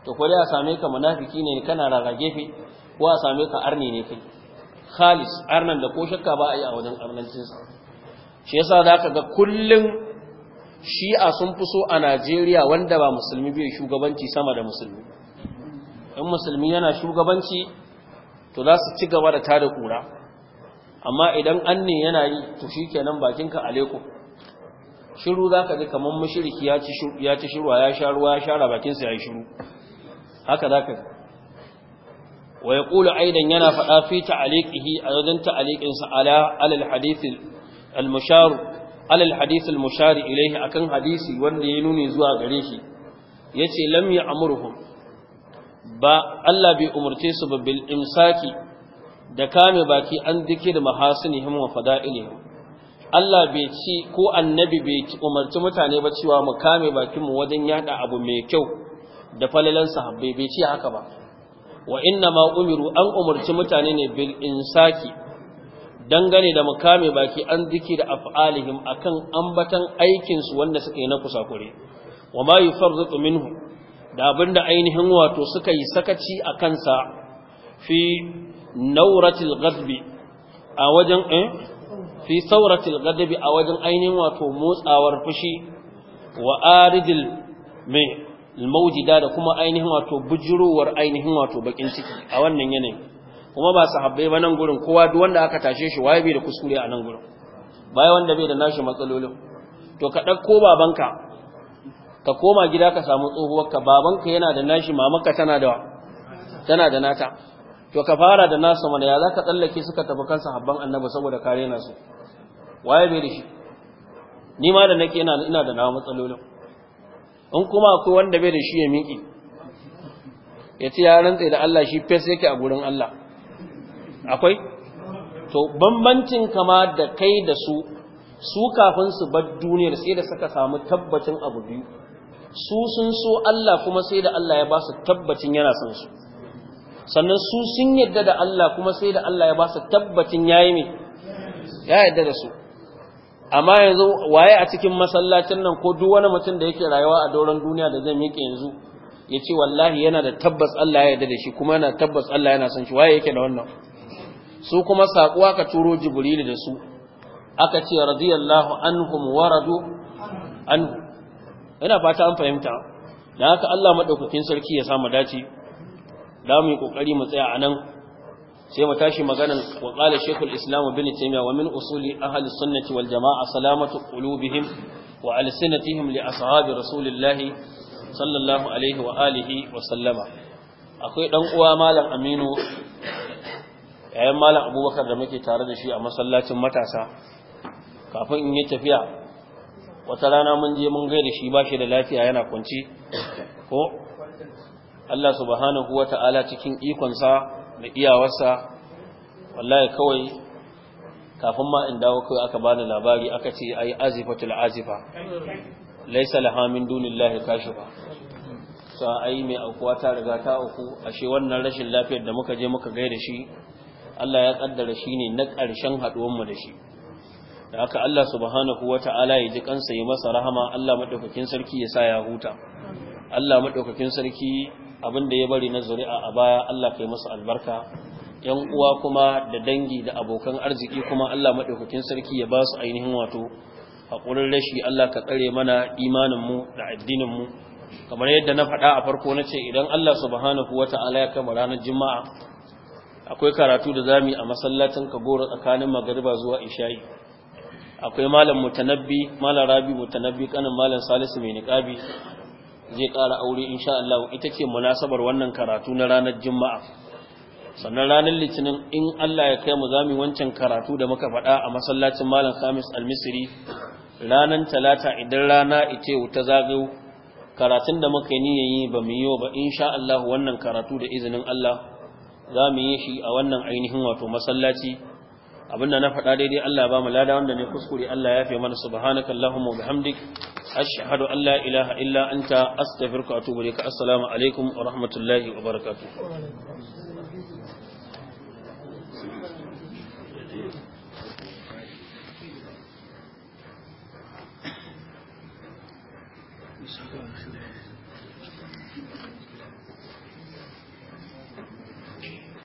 to ko dai a same ka munafiki ne kana rarrage fi ko a same ka arni ne kai khalis arnan da ko shakka ba a yi a wajen arnancinsa shi yasa za ka ga kullum shi'a sun fi so a najeriya wanda ba musulmi bai shugabanci sama da musulmi in musulmi yana shugabanci to za su ci gaba da tada kura amma idan an ne yana yi to shi kenan bakinka aleko shiru za ka ji kamar mashiriki ya ci shirwa ya sha ruwa ya shara bakinsa ya yi shiru haka za ka ji wa ya aidan yana faɗa fi ta'aliƙihi a wajen ta'aliƙinsa ala alal hadithil al-mushar alal hadithil mushari ilaihi akan hadisi wanda ya nuni zuwa gare shi yace lam ya amurhum ba Allah bai umurce su ba bil imsaki da kame baki an dikir mahasinihim wa fada'ilihim Allah bai ci ko annabi bai umarci mutane ba cewa mu kame bakin mu wajen yada abu mai kyau da falalan sahabbai bai ci haka ba wa inna ma umiru an umarci mutane ne bil insaki dangane da mukami baki an ziki da af'alihim akan ambatan aikinsu wanda suka yi na kusakure wa ma yufarritu minhu da abinda ainihin wato suka yi sakaci a kansa fi nauratil ghadbi a wajen eh fi sauratil ghadbi a wajen ainihin wato motsawar fushi wa aridil almaujida da kuma ainihin wato bujurowar ainihin wato bakin ciki a wannan yanayin kuma ba sahabbai ba nan gurin kowa duk wanda aka tashe shi waye bai da kuskure a nan gurin baya wanda bai da nashi matsalolin to ka ɗauko babanka ka koma gida ka samu tsohuwarka babanka yana da nashi mamanka tana da tana da nata to ka fara da nasu mana ya zaka tsallake suka tafi kan sahabban annabi saboda kare nasu su waye bai da shi ni ma da nake ina ina da nawa matsalolin in kuma akwai wanda bai da shi ya miƙi ya ce ya rantse da Allah shi fes yake a gurin Allah akwai to bambancin kama da kai da su su kafin su bar duniyar sai da suka samu tabbacin abu biyu su sun so Allah kuma sai da Allah ya ba su tabbacin yana son su sannan su sun yadda da Allah kuma sai da Allah ya ba su tabbacin yayi mai ya yadda da su amma yanzu waye a cikin masallacin nan ko duk wani mutum da yake rayuwa a doron duniya da zai miƙe yanzu ya ce wallahi yana da tabbas Allah ya yarda da shi kuma yana tabbas Allah yana son shi waye yake da wannan su kuma saƙuwa ka turo jibrilu da su aka ce radiyallahu anhum waradu an ina fata an fahimta da haka Allah madaukakin sarki ya samu dace da mu yi kokari mu tsaya anan sai mu tashi maganar wa qala shaykhul islam ibn taymiya wa min usuli ahli sunnati wal jamaa salamatu qulubihim wa alsinatihim li ashabi rasulillah sallallahu alaihi wa alihi wa sallama akwai dan uwa malam aminu yayin malam abubakar da muke tare da shi a masallacin matasa kafin in yi tafiya wata rana mun je mun gaida shi bashi da lafiya yana kwance, ko Allah subhanahu wata'ala cikin ikonsa da iyawarsa wallahi kawai kafin ma in dawo kawai aka bani labari aka ce ai azifatul azifa laysa laha min dunillahi kashifa to ai mai aukuwa ta riga ta uku ashe wannan rashin lafiyar da muka je muka gai da shi Allah ya kaddara ne na ƙarshen haɗuwar mu da shi da haka Allah subhanahu wata'ala ya ji kansa ya masa rahama Allah madaukakin sarki ya sa ya huta Allah madaukakin sarki abin da ya bari na zuri'a a baya Allah kai masa albarka yan uwa kuma da dangi da abokan arziki kuma Allah madaukakin sarki ya ba su ainihin wato hakurin rashi Allah ka tsare mana imanin mu da addinin mu kamar yadda na faɗa a farko na ce idan Allah subhanahu wata'ala ya kama ranar juma'a akwai karatu da zamu a masallacin Kagoro tsakanin magariba zuwa isha'i akwai malam mutanabbi malam rabi mutanabbi kanin malam salisu mai niqabi zai ƙara aure insha Allah ita ce munasabar wannan karatu na ranar Juma'a sannan ranar litinin in Allah ya kai mu zami wancan karatu da muka faɗa a masallacin malam Khamis al-Misri ranar talata idan rana ita wuta zagayo karatun da muka yi yi ba mu yi ba insha Allah wannan karatu da izinin Allah za mu yi shi a wannan ainihin wato masallaci abinda na faɗa daidai Allah ba mu lada wanda ne kuskure Allah ya fi mana subhanaka allahumma wa bihamdik ashhadu an la ilaha illa anta astaghfiruka wa atubu ilaik assalamu alaikum wa rahmatullahi wa barakatuh Thank you.